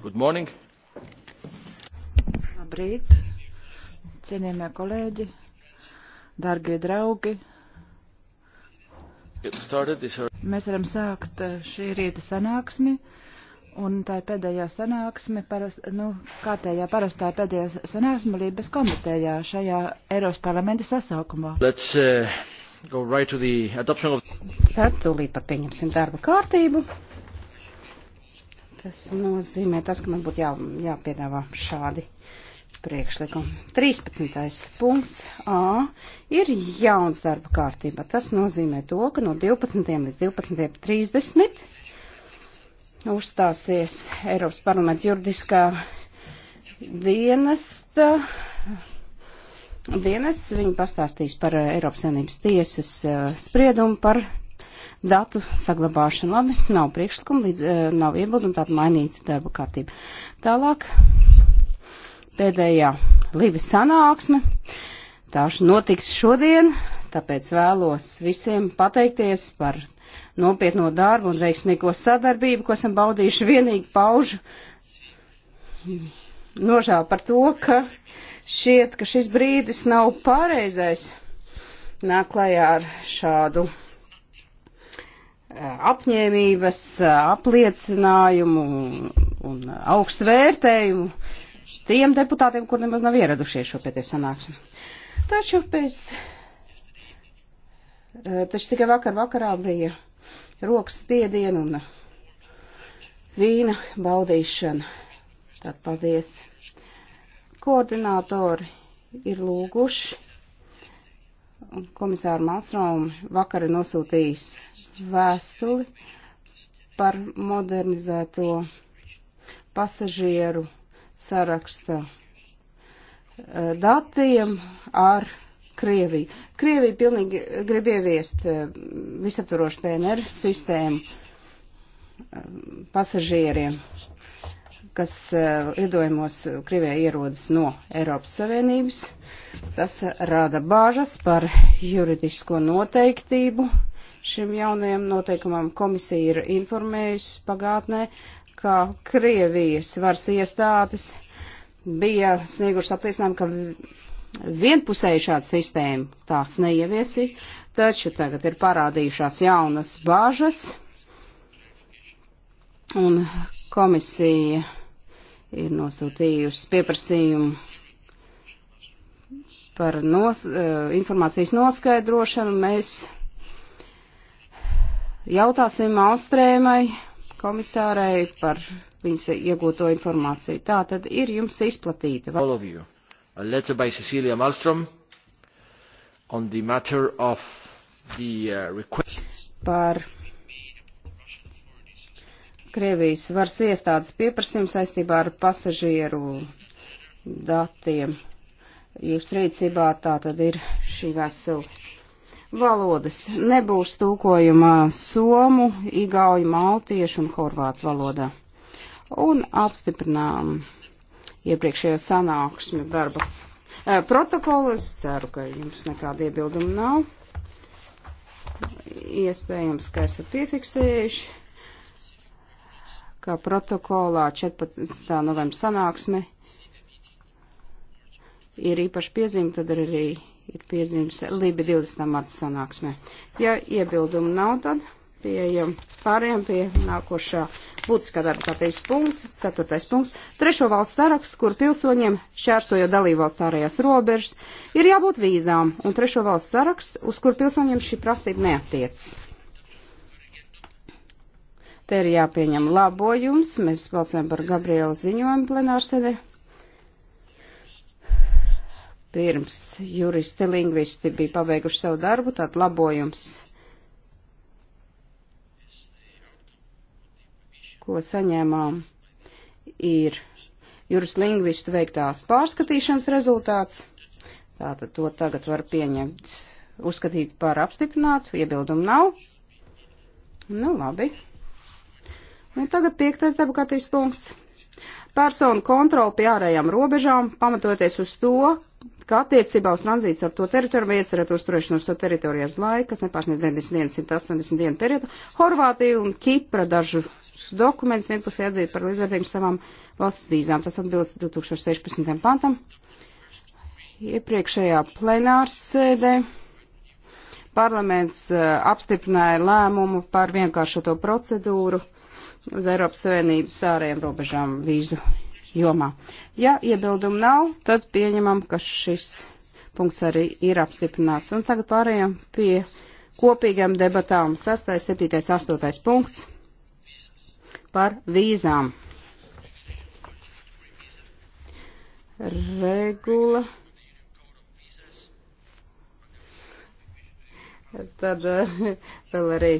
Good morning. Labrīt, cienījamie kolēģi, dargie draugi. Mēs varam sākt eh, šī rīta sanāksmi, un tā ir pēdējā sanāksme, paras, nu, kārtējā parastā pēdējā sanāksme Lībes komitejā šajā Eiropas parlamenta sasaukumā. Let's, uh, go right to the adoption of... Tad tūlīt pat pieņemsim darba kārtību. Tas nozīmē tas, ka man būtu jā, jāpiedāvā šādi priekšlikumi. 13. punkts A ir jauns darba kārtība. Tas nozīmē to, ka no 12. līdz 12.30 uzstāsies Eiropas parlamenta juridiskā dienesta. Dienas viņi pastāstīs par Eiropas Savienības tiesas eh, spriedumu par datu saglabāšanu. Labi, nav priekšlikumu, līdz, eh, nav iebildumu, tāda mainīta darba kārtība. Tālāk, pēdējā Libijas sanāksme. Tā notiks šodien, tāpēc vēlos visiem pateikties par nopietno darbu un veiksmīgo sadarbību, ko esam baudījuši vienīgi paužu. Nožēl par to, ka šķiet, ka šis brīdis nav pareizais nāk klajā ar šādu apņēmības, apliecinājumu un augstu vērtējumu tiem deputātiem, kur nemaz nav ieradušies šo pēdējo sanāksmi. Taču pēc, eh, taču tikai vakar vakarā bija rokas spiedienu un vīna baudīšana. Tad paldies. Koordinātori ir lūguši komisāru Malstromu vakar ir nosūtījis vēstuli par modernizēto pasažieru saraksta eh, datiem ar Krieviju. Krievija pilnīgi grib ieviest eh, visaptvarošu PNR sistēmu eh, pasažieriem kas eh, lidojumos Krievijā ierodas no Eiropas Savienības. Tas rada bāžas par juridisko noteiktību. Šim jaunajam noteikumam komisija ir informējusi pagātnē, ka Krievijas varas iestādes bija sniegušas apliecinājumu, ka vienpusēji šāda sistēma tās neieviesīs, taču tagad ir parādījušās jaunas bāžas. Un Komisija ir nosūtījusi pieprasījumu par nos, eh, informācijas noskaidrošanu. Mēs jautāsim Alstrēmai, komisārai par viņas iegūto informāciju. Tā tad ir jums izplatīta. All of you. A letter by Cecilia Malmström on the matter of the uh, request. Par Krievijas varas iestādes pieprasījums saistībā ar pasažieru datiem. Jūs rīcībā tā tad ir šī vēstule. Valodas nebūs tūkojumā somu, igauju, maltiešu un horvātu valodā. Un apstiprinām iepriekšējo sanāksmju darba e, protokolu. Es ceru, ka jums nekāda iebilduma nav. Iespējams, ka esat piefiksējuši ka protokolā 14. novembra sanāksme ir īpaši piezīme, tad arī ir piezīmes Lība 20. marta sanāksmē. Ja iebildumu nav, tad pieejam pārējām pie nākošā būtiskā darba kārtības punkta, 4. punkts, trešo valstu saraksts, kur pilsoņiem šķērsojot dalībvalsts ārējās robežas ir jābūt vīzām, un trešo valstu saraksts, uz kur pilsoņiem šī prasība neatiecas. Te ir jāpieņem labojums. Mēs balsojam par Gabriela ziņojumu plenārsēdē. Pirms juristi, lingvisti bija pabeiguši savu darbu, tad labojums, ko saņēmām, ir juris lingvistu veiktās pārskatīšanas rezultāts. Tātad to tagad var pieņemt, uzskatīt par apstiprinātu, iebildumu nav. Nu, labi. Un tagad piektais darba kārtības punkts. Personu kontroli pie ārējām robežām, pamatoties uz to, ka attiecībā uz tranzīts ar to teritoriju vai iecerēt uzturēšanos to teritoriju uz laiku, kas nepārsniedz 91-180 dienu periodu, Horvātija un Kipra dažus dokumentus vienpusē atzīt par līdzvērtību savām valsts vīzām. Tas atbilst 2016. pantam. Iepriekšējā plenārsēdē parlaments eh, apstiprināja lēmumu par vienkāršoto procedūru uz Eiropas Savienības ārējiem robežām vīzu jomā. Ja iebildumu nav, tad pieņemam, ka šis punkts arī ir apstiprināts. Un tagad pārējām pie kopīgām debatām 6., 7., 8. punkts par vīzām. Regula. Tad eh, vēl arī.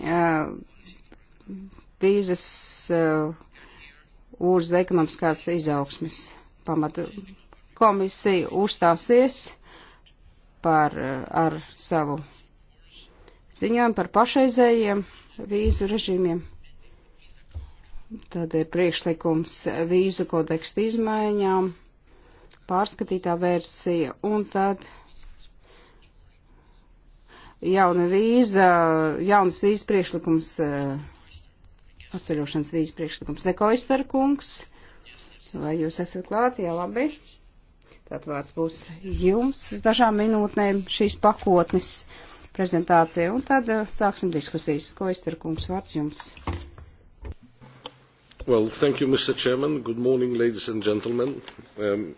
Uh, vīzes uz uh, ekonomiskās izaugsmes pamatu. Komisija uzstāsies par, uh, ar savu ziņojumu par pašreizējiem vīzu režīmiem. Tad ir priekšlikums vīzu kodeksta izmaiņām, pārskatītā versija, un tad jauna vīza, jaunas vīzas priekšlikums uh, atceļošanas vīzu priekšlikums. Dekoister kungs, vai jūs esat klāt? Jā, labi. Tad vārds būs jums dažām minūtēm šīs pakotnes prezentācija, un tad eh, sāksim diskusijas. Koister kungs, vārds jums. Well, thank you, Mr. Chairman. Good morning, ladies and gentlemen. Um,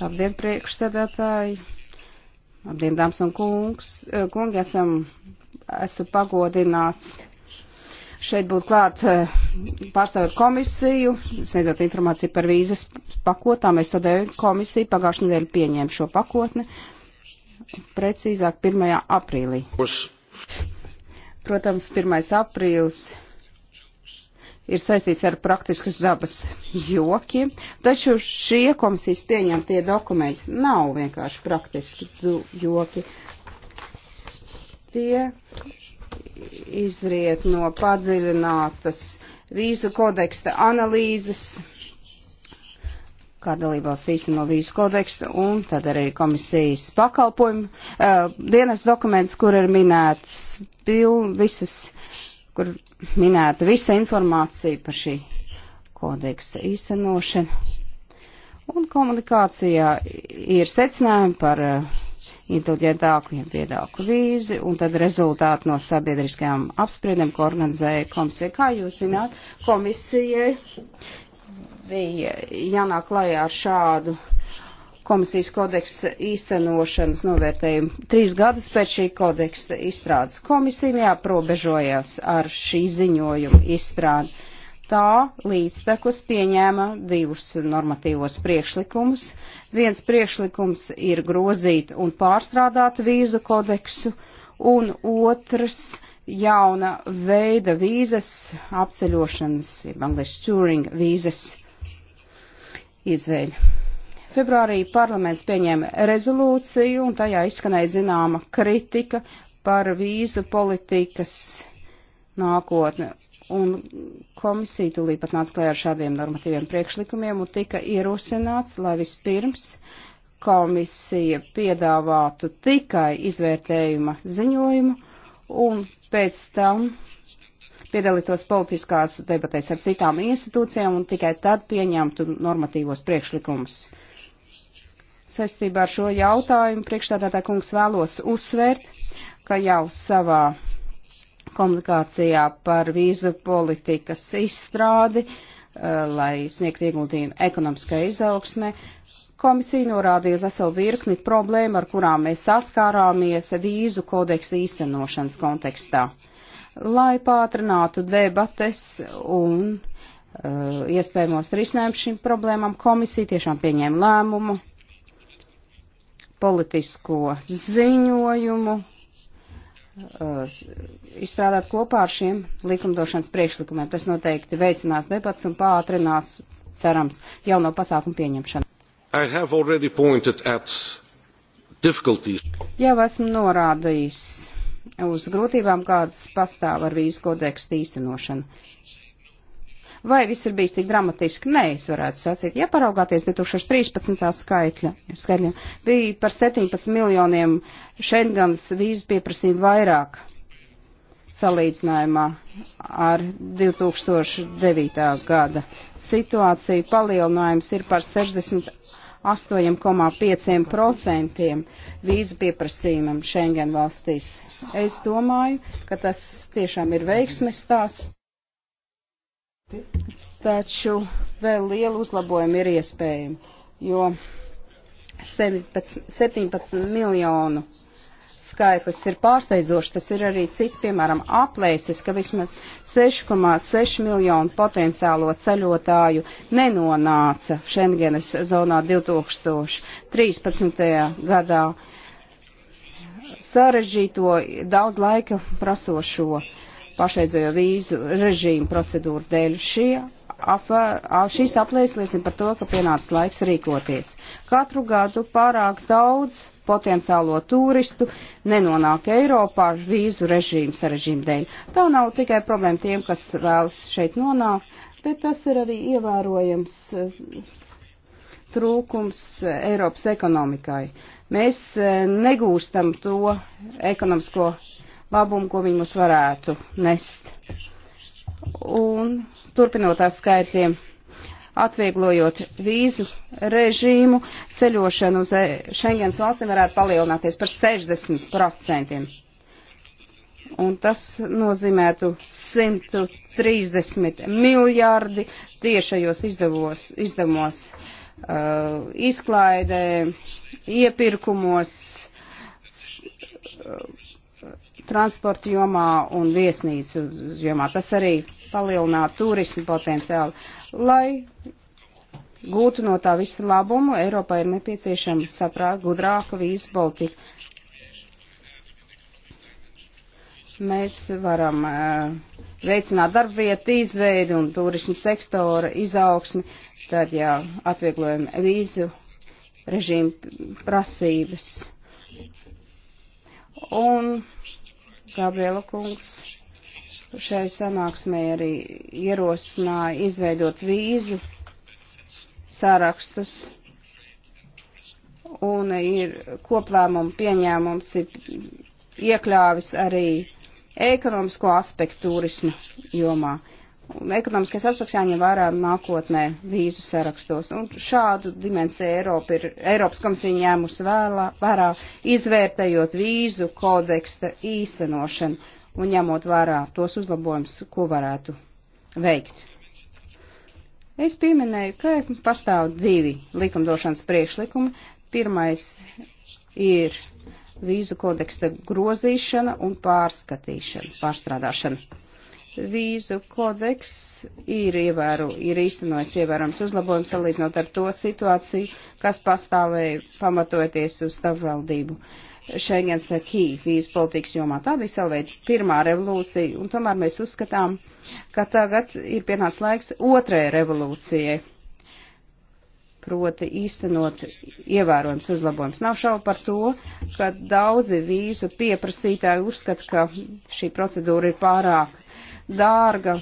Labdien, priekšsēdētāji! Labdien, dāmas un kungs! Eh, kungi, esam, esmu pagodināts šeit būt klāt e, pārstāvot komisiju, sniedzot informāciju par vīzas pakotām. Es tādēļ e, komisiju pagājušajā nedēļā pieņēmu šo pakotni, precīzāk 1. aprīlī. Protams, 1. aprīlis ir saistīts ar praktiskas dabas jokiem, taču šie komisijas pieņemtie dokumenti nav vienkārši praktiski joki. Tie izriet no padziļinātas vīzu kodeksta analīzes, kā dalībās īsteno vīzu kodekstu, un tad arī komisijas pakalpojumu uh, dienas dokuments, kur ir minētas pil, visas, kur minēta visa informācija par šī kodeksta īstenošanu. Un komunikācijā ir secinājumi par uh, inteliģentāku, viņiem piedāku vīzi, un tad rezultāti no sabiedriskajām apspriedēm, ko organizēja komisija. Kā jūs zināt, komisijai bija jānāk klajā ar šādu komisijas kodeksa īstenošanas novērtējumu. Trīs gadus pēc šī kodeksa izstrādes komisija neaprobežojās ar šī ziņojuma izstrādi tā līdztekus pieņēma divus normatīvos priekšlikumus. Viens priekšlikums ir grozīt un pārstrādāt vīzu kodeksu, un otrs jauna veida vīzas apceļošanas, Bangladesh Turing vīzas izveļu. Februārī parlaments pieņēma rezolūciju, un tajā izskanēja zināma kritika par vīzu politikas nākotne. Un komisija tūlīt pat nāca klajā ar šādiem normatīviem priekšlikumiem un tika ierosināts, lai vispirms komisija piedāvātu tikai izvērtējuma ziņojumu un pēc tam piedalītos politiskās debatēs ar citām institūcijām un tikai tad pieņemtu normatīvos priekšlikumus. Saistībā ar šo jautājumu priekšstādātā kungs vēlos uzsvērt, ka jau savā komunikācijā par vīzu politikas izstrādi, eh, lai sniegtu ieguldījumu ekonomiskai izaugsmē. Komisija norādīja veselu virkni problēmu, ar kurām mēs saskārāmies vīzu kodeksa īstenošanas kontekstā. Lai pātrinātu debates un uh, iespējamos risinājumus šīm problēmām, komisija tiešām pieņēma lēmumu politisko ziņojumu Uh, izstrādāt kopā ar šiem likumdošanas priekšlikumiem. Tas noteikti veicinās debats un pātrinās, cerams, jauno pasākumu pieņemšanu. Jau esmu norādījis uz grūtībām, kādas pastāv ar vīzu kodekstu īstenošanu. Vai viss ir bijis tik dramatiski? Nē, es varētu sacīt. Ja paraugāties 2013. skaitļa, skaitļiem, bija par 17 miljoniem Schengens vīzu pieprasījumu vairāk salīdzinājumā ar 2009. gada situāciju. Palielinājums ir par 68,5% vīzu pieprasījumam Schengen valstīs. Es domāju, ka tas tiešām ir veiksmes tās. Taču vēl lielu uzlabojumu ir iespējami, jo 17, 17 miljonu skaitlis ir pārsteidzošs. Tas ir arī cits, piemēram, aplēsis, ka vismaz 6,6 miljonu potenciālo ceļotāju nenonāca Schengenes zonā 2013. gadā sarežģīto, daudz laika prasošo uh, pašreizējo vīzu režīmu procedūru dēļ. Šie Afa, šīs aplēs liecina par to, ka pienācis laiks rīkoties. Katru gadu pārāk daudz potenciālo turistu nenonāk Eiropā ar vīzu režīmu sarežģījumu dēļ. Tā nav tikai problēma tiem, kas vēlas šeit nonākt, bet tas ir arī ievērojams eh, trūkums eh, Eiropas ekonomikai. Mēs eh, negūstam to ekonomisko labumu, ko viņi mums varētu nest. Un turpinot ar skaitļiem, atvieglojot vīzu režīmu, ceļošana uz e- Schengens valstīm varētu palielināties par 60%. Un tas nozīmētu 130 miljārdi tiešajos izdevos, izdevumos, uh, izklaidē, iepirkumos, uh, transporta jomā un viesnīcu jomā. Tas arī palielinātu turismu potenciālu. Lai gūtu no tā visu labumu, Eiropā ir nepieciešama saprāt gudrāka vīzu politika. Mēs varam uh, veicināt darbvietu izveidi un turismu sektora izaugsmi, tad, ja atvieglojam vīzu režīmu prasības. Un Gabriela kungs šai sanāksmē arī ierosināja izveidot vīzu sārakstus. Un ir koplēmumu pieņēmums ir iekļāvis arī ekonomisko aspektu turismu jomā. Un ekonomiskais aspekts jāņem vērā nākotnē vīzu sarakstos. Un šādu dimensiju Eiropa ir, Eiropas komisija ņēmusi vēlā, vērā, izvērtējot vīzu kodeksta īstenošanu un ņemot vērā tos uzlabojumus, ko varētu veikt. Es pieminēju, ka pastāv divi likumdošanas priekšlikumi. Pirmais ir vīzu kodeksta grozīšana un pārskatīšana, pārstrādāšana vīzu kodeks ir, ievēru, ir īstenojis ievērams uzlabojums salīdzinot ar to situāciju, kas pastāvēja pamatoties uz starpvaldību. Šengens Kī vīzu politikas jomā tā bija savveid pirmā revolūcija, un tomēr mēs uzskatām, ka tagad ir pienācis laiks otrai revolūcijai proti īstenot ievērojams uzlabojums. Nav šaubu par to, ka daudzi vīzu pieprasītāji uzskata, ka šī procedūra ir pārāk dārga,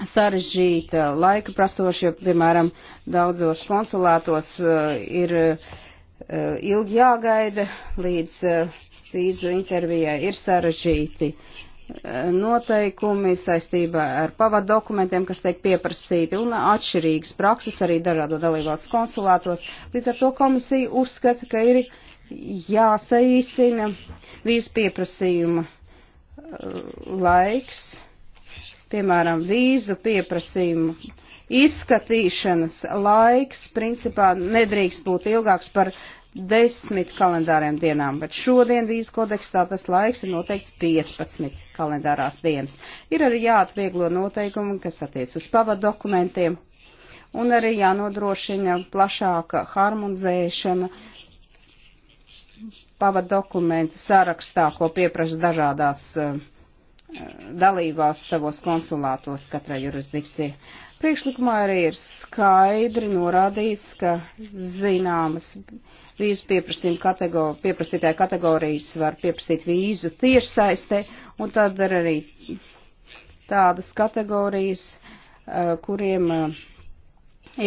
sarežģīta, laika prasoša, jo, piemēram, daudzos konsulātos uh, ir uh, ilgi jāgaida līdz uh, vīzu intervijai, ir sarežģīti uh, noteikumi saistībā ar pavadu dokumentiem, kas tiek pieprasīti, un atšķirīgas prakses arī dažādo dalībās konsulātos. Līdz ar to komisija uzskata, ka ir jāsaīsina vīzu pieprasījuma uh, laiks, piemēram, vīzu pieprasījuma izskatīšanas laiks, principā nedrīkst būt ilgāks par 10 kalendāriem dienām, bet šodien vīzu kodekstā tas laiks ir noteikts 15 kalendārās dienas. Ir arī jāatvieglo noteikumi, kas attiec uz pavadokumentiem, un arī jānodrošina plašāka harmonizēšana pavadokumentu sarakstā, ko pieprasa dažādās uh, dalībās savos konsulātos katrai jurisdikcijai. Priekšlikumā arī ir skaidri norādīts, ka zināmas vīzu pieprasījumu kategor, pieprasītāju kategorijas var pieprasīt vīzu tiešsaistē, un tad ir arī tādas kategorijas, eh, kuriem eh,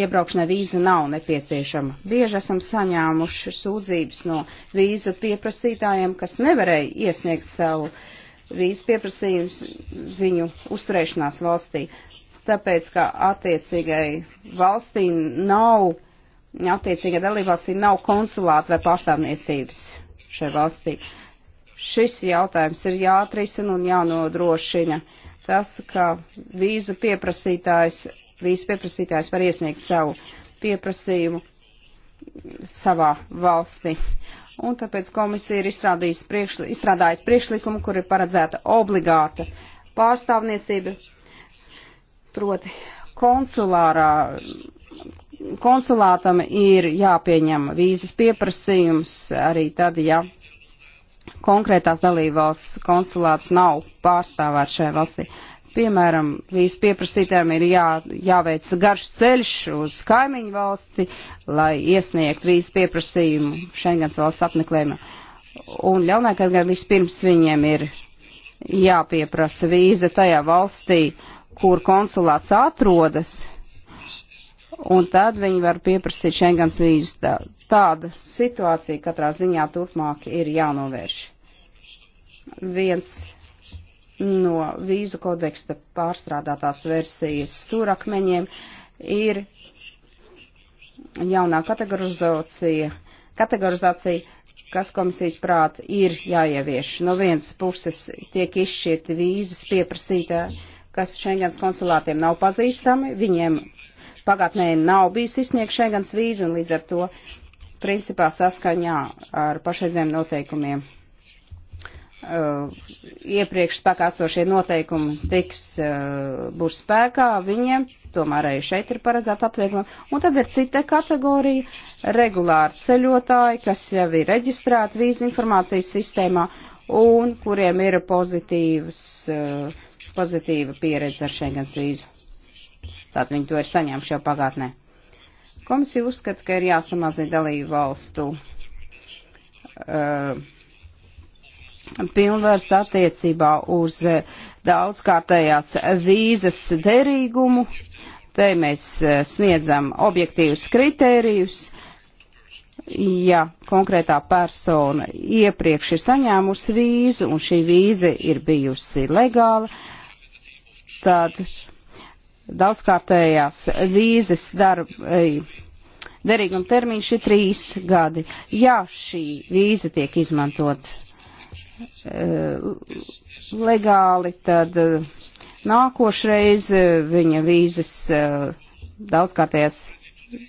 iebraukšanai vīza nav nepieciešama. Bieži esam saņēmuši sūdzības no vīzu pieprasītājiem, kas nevarēja iesniegt savu vīzu pieprasījumu viņu uzturēšanās valstī, tāpēc, ka attiecīgai valstī nav uh, attiecīgā dalībvalstī nav konsulāta vai pārstāvniecības šai valstī. Šis jautājums ir jāatrisina un jānodrošina tas, ka vīzu pieprasītājs, vīzu pieprasītājs var iesniegt savu pieprasījumu savā valstī. Un tāpēc komisija ir priekšli, izstrādājusi priekšlikumu, kur ir paredzēta obligāta pārstāvniecība, proti konsulārā konsulātam ir jāpieņem vīzas pieprasījums arī tad, ja konkrētās dalībvalsts konsulāts nav pārstāvēts šajā valstī. Piemēram, vīzas pieprasītājiem ir jā, jāveic garš ceļš uz kaimiņu valsti, lai iesniegtu vīzas pieprasījumu Schengens valsts apmeklējumā. Un ļaunākais gan vispirms viņiem ir jāpieprasa vīza tajā valstī, kur konsulāts atrodas, un tad viņi var pieprasīt Schengens vīzu. Tā, tāda situācija katrā ziņā turpmāk ir jānovērš. Viens no vīzu kodeksta pārstrādātās versijas stūrakmeņiem ir jaunā kategorizācija, kategorizācija kas komisijas prāt ir jāievieš. No vienas puses tiek izšķirti vīzas pieprasītāji, kas Schengens konsulātiem nav pazīstami, viņiem pagātnē nav bijis izsniegt Schengens vīzu un līdz ar to principā saskaņā ar pašreiziem noteikumiem. Uh, iepriekš spēkā esošie noteikumi tiks, uh, būs spēkā, viņiem tomēr arī šeit ir paredzēta atvieglojuma. Un tad ir cita kategorija - regulāri ceļotāji, kas jau ir reģistrēti vīzu informācijas sistēmā un kuriem ir pozitīvs, uh, pozitīva pieredze ar Schengens vīzu. Tātad viņi to ir saņēmuši jau pagātnē. Komisija uzskata, ka ir jāsamazina dalību valstu uh, pilnvars attiecībā uz uh, daudzkārtējās vīzas derīgumu. Te mēs uh, sniedzam objektīvus kritērijus. Ja konkrētā persona iepriekš ir saņēmusi vīzu un šī vīze ir bijusi legāla, tad daudzkārtējās vīzes darba derīguma termiņš ir trīs gadi. Ja šī vīze tiek izmantot eh, legāli, tad eh, nākošreiz eh, viņa vīzes, daudzkārtējās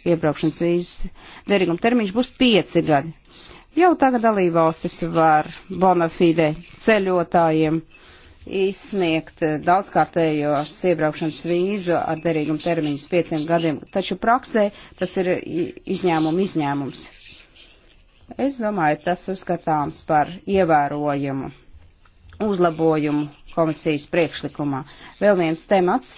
iebraukšanas vīzes derīguma termiņš būs pieci gadi. Jau tagad dalībvalstis var bona fide ceļotājiem uh, izsniegt daudzkārtējos iebraukšanas vīzu ar derīgumu termiņu uz pieciem gadiem, taču praksē tas ir izņēmuma izņēmums. Es domāju, tas uzskatāms par ievērojumu uzlabojumu komisijas priekšlikumā. Vēl viens temats.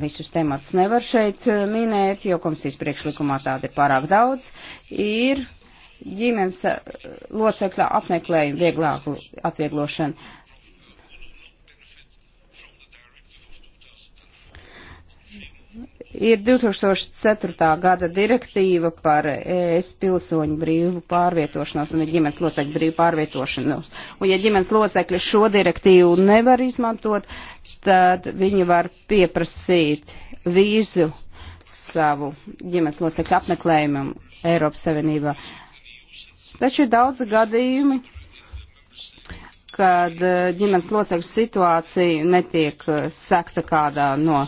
Visus temats nevar šeit eh, minēt, jo komisijas priekšlikumā tāda ir pārāk daudz. Ir ģimenes eh, locekļa apmeklējuma vieglāku atvieglošanu ir 2004. gada direktīva par ES pilsoņu brīvu pārvietošanos un ģimenes locekļu brīvu pārvietošanos. Un ja ģimenes locekļi šo direktīvu nevar izmantot, tad viņi var pieprasīt vīzu savu ģimenes locekļu apmeklējumam Eiropas Savienībā. Taču ir daudz gadījumi, kad e, ģimenes locekļu situācija netiek e, sekta kādā no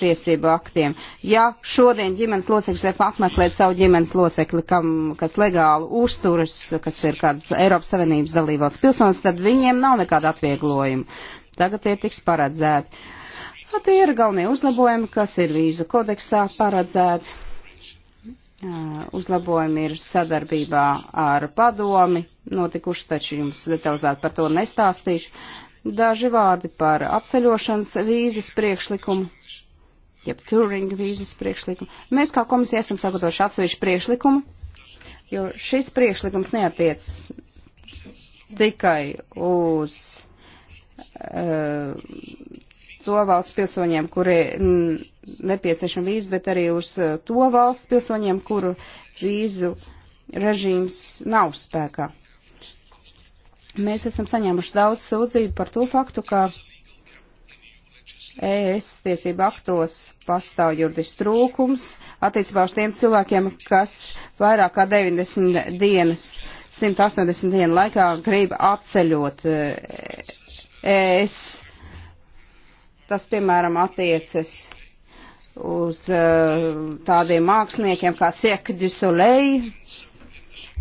tiesību aktiem. Ja šodien ģimenes loceklis ir apmeklēt savu ģimenes locekli, kam, kas legāli uzturas, kas ir kāds Eiropas Savienības dalībvalsts pilsonis, tad viņiem nav nekāda atvieglojuma. Tagad tie tiks paredzēti. A, tie ir galvenie uzlabojumi, kas ir vīzu kodeksā paredzēti. Uzlabojumi ir sadarbībā ar padomi, notikuši, taču jums detalizēti par to nestāstīšu Daži vārdi par apceļošanas vīzes priekšlikumu, jeb Turing vīzes priekšlikumu. Mēs kā komisija esam sagatavojuši atsevišķu priekšlikumu, jo šis priekšlikums neatiec tikai uz uh, to valsts pilsoņiem, kuri nepieciešama vīza, bet arī uz eh, to valsts pilsoņiem, kuru vīzu režīms nav spēkā. Mēs esam saņēmuši daudz sūdzību par to faktu, ka ES tiesību aktos pastāv juridisks trūkums attiecībā uz tiem cilvēkiem, kas vairāk kā 90 dienas, 180 dienu laikā grib apceļot ES. E Tas, piemēram, attiecas uz e, tādiem māksliniekiem kā Siekģis Olei,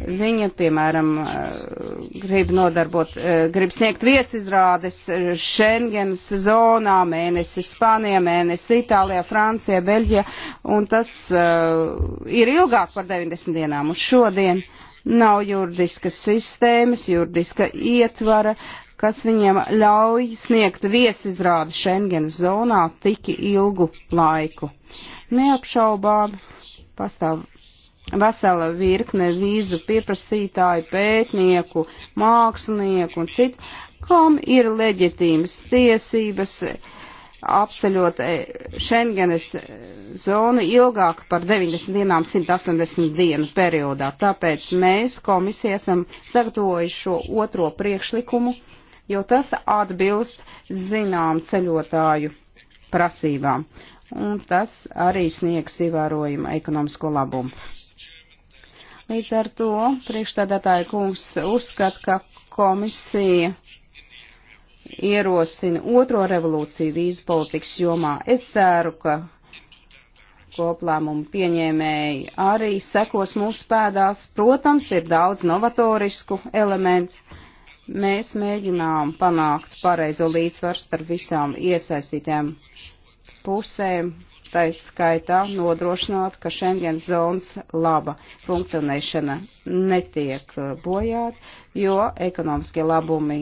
Viņa, piemēram, eh, grib nodarbot, eh, grib sniegt viesizrādes Schengens zonā, mēnesi Spānijā, mēnesi Itālijā, Francijā, Beļģijā, un tas eh, ir ilgāk par 90 dienām. Un šodien nav juridiskas sistēmas, juridiska ietvara, kas viņiem ļauj sniegt viesizrādi Schengenas zonā tik ilgu laiku. Neapšaubām pastāv vesela virkne vīzu pieprasītāju, pētnieku, mākslinieku un citu, kam ir leģitīmas tiesības apceļot e, Schengenes e, zonu ilgāk par 90 dienām 180 dienu periodā. Tāpēc mēs komisija esam sagatavojuši šo otro priekšlikumu, jo tas atbilst zinām ceļotāju prasībām. Un tas arī sniegs ievērojumu ekonomisko labumu. Līdz ar to priekšstādātāja kungs uzskata, ka komisija ierosina otro revolūciju vīzu politikas jomā. Es ceru, ka koplēmumu pieņēmēji arī sekos mūsu pēdās. Protams, ir daudz novatorisku elementu. Mēs mēģinām panākt pareizo līdzsvaru starp visām iesaistītēm pusēm, tā izskaitā nodrošināt, ka Schengen zonas laba funkcionēšana netiek uh, bojāt, jo ekonomiskie labumi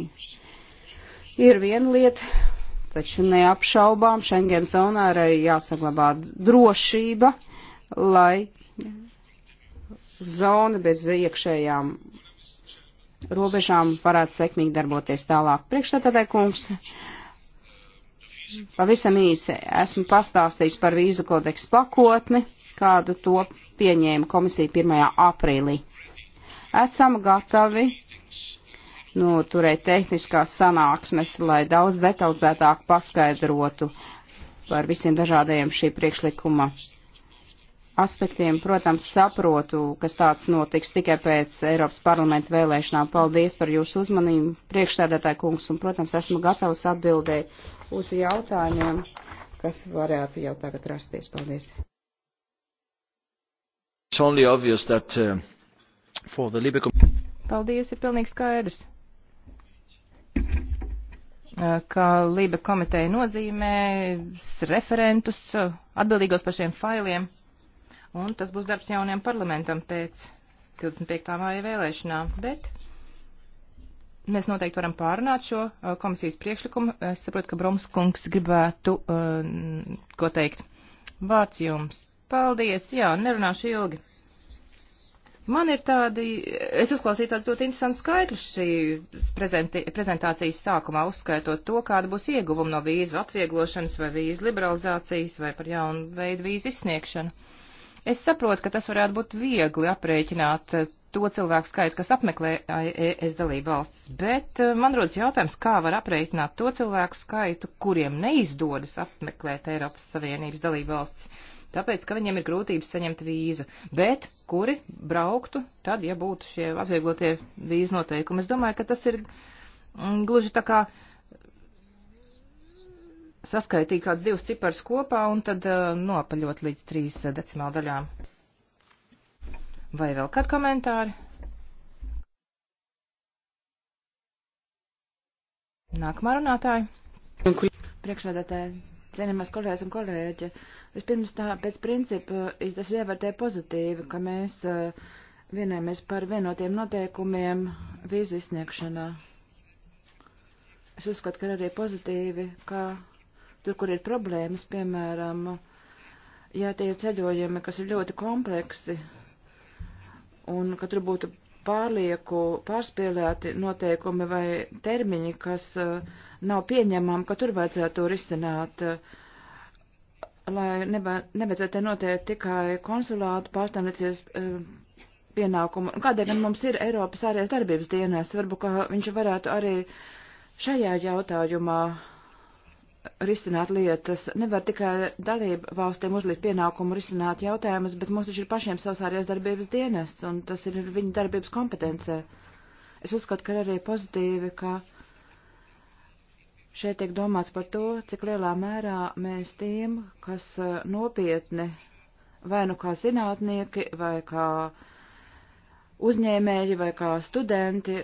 ir viena lieta, taču neapšaubām Schengen zonā arī jāsaglabā drošība, lai zona bez iekšējām robežām varētu sekmīgi darboties tālāk. Priekšstādātāji kungs. Pavisam īsi esmu pastāstījis par vīzu kodeksu pakotni, kādu to pieņēma komisija 1. aprīlī. Esam gatavi noturēt tehniskās sanāksmes, lai daudz detalizētāk paskaidrotu par visiem dažādajiem šī priekšlikuma aspektiem, protams, saprotu, kas tāds notiks tikai pēc Eiropas parlamenta vēlēšanām. Paldies par jūsu uzmanību, priekšstādātāji kungs, un, protams, esmu gatavs atbildēt uz jautājumiem, kas varētu jau tagad rasties. Paldies. That, uh, Libe... Paldies, ir pilnīgi skaidrs uh, ka Lība komiteja nozīmē referentus uh, atbildīgos par šiem failiem un tas būs darbs jaunajam parlamentam pēc 25. māja vēlēšanām. Bet mēs noteikti varam pārunāt šo uh, komisijas priekšlikumu. Es saprotu, ka Broms kungs gribētu uh, ko teikt. Vārds jums. Paldies, jā, nerunāšu ilgi. Man ir tādi, es uzklausīju tāds ļoti interesants skaidrs šī prezentācijas sākumā, uzskaitot to, kāda būs ieguvuma no vīzu atvieglošanas vai vīzu liberalizācijas vai par jaunu veidu vīzu izsniegšanu. Es saprotu, ka tas varētu būt viegli aprēķināt eh, to cilvēku skaitu, kas apmeklē e, ES dalību valsts, bet eh, man rodas jautājums, kā var aprēķināt to cilvēku skaitu, kuriem neizdodas apmeklēt Eiropas Savienības dalību valsts, tāpēc, ka viņiem ir grūtības saņemt vīzu, bet kuri brauktu tad, ja būtu šie atvieglotie vīzu noteikumi. Es domāju, ka tas ir mm, gluži tā kā uh, saskaitīja kāds divus ciparus kopā un tad uh, nopaļot līdz trīs uh, decimāla daļām. Vai vēl kādi komentāri? Nākamā runātāja. Priekšsēdētāji, cienījamās kolēģis un kolēģi, vispirms tā pēc principa tas ievērtē pozitīvi, ka mēs uh, eh, vienojamies par vienotiem noteikumiem vīzu izsniegšanā. Es uzskatu, ka arī pozitīvi, ka tur, kur ir problēmas, piemēram, ja tie ir ceļojumi, kas ir ļoti kompleksi, un ka tur būtu pārlieku, pārspīlēti noteikumi vai termiņi, kas uh, nav pieņemami, ka tur vajadzētu to risināt, uh, lai neba, nevajadzētu te noteikt tikai konsulātu pārstāvniecības uh, pienākumu. Kādēļ mums ir Eiropas ārējās darbības dienas? Varbūt, ka viņš varētu arī šajā jautājumā risināt lietas. Nevar tikai dalību valstīm uzlikt pienākumu risināt jautājumus, bet mums taču ir pašiem savs ārējās darbības dienas, un tas ir viņa darbības kompetencē. Es uzskatu, ka ir arī pozitīvi, ka šeit tiek domāts par to, cik lielā mērā mēs tiem, kas eh, nopietni vai nu kā zinātnieki, vai kā uzņēmēji, vai kā studenti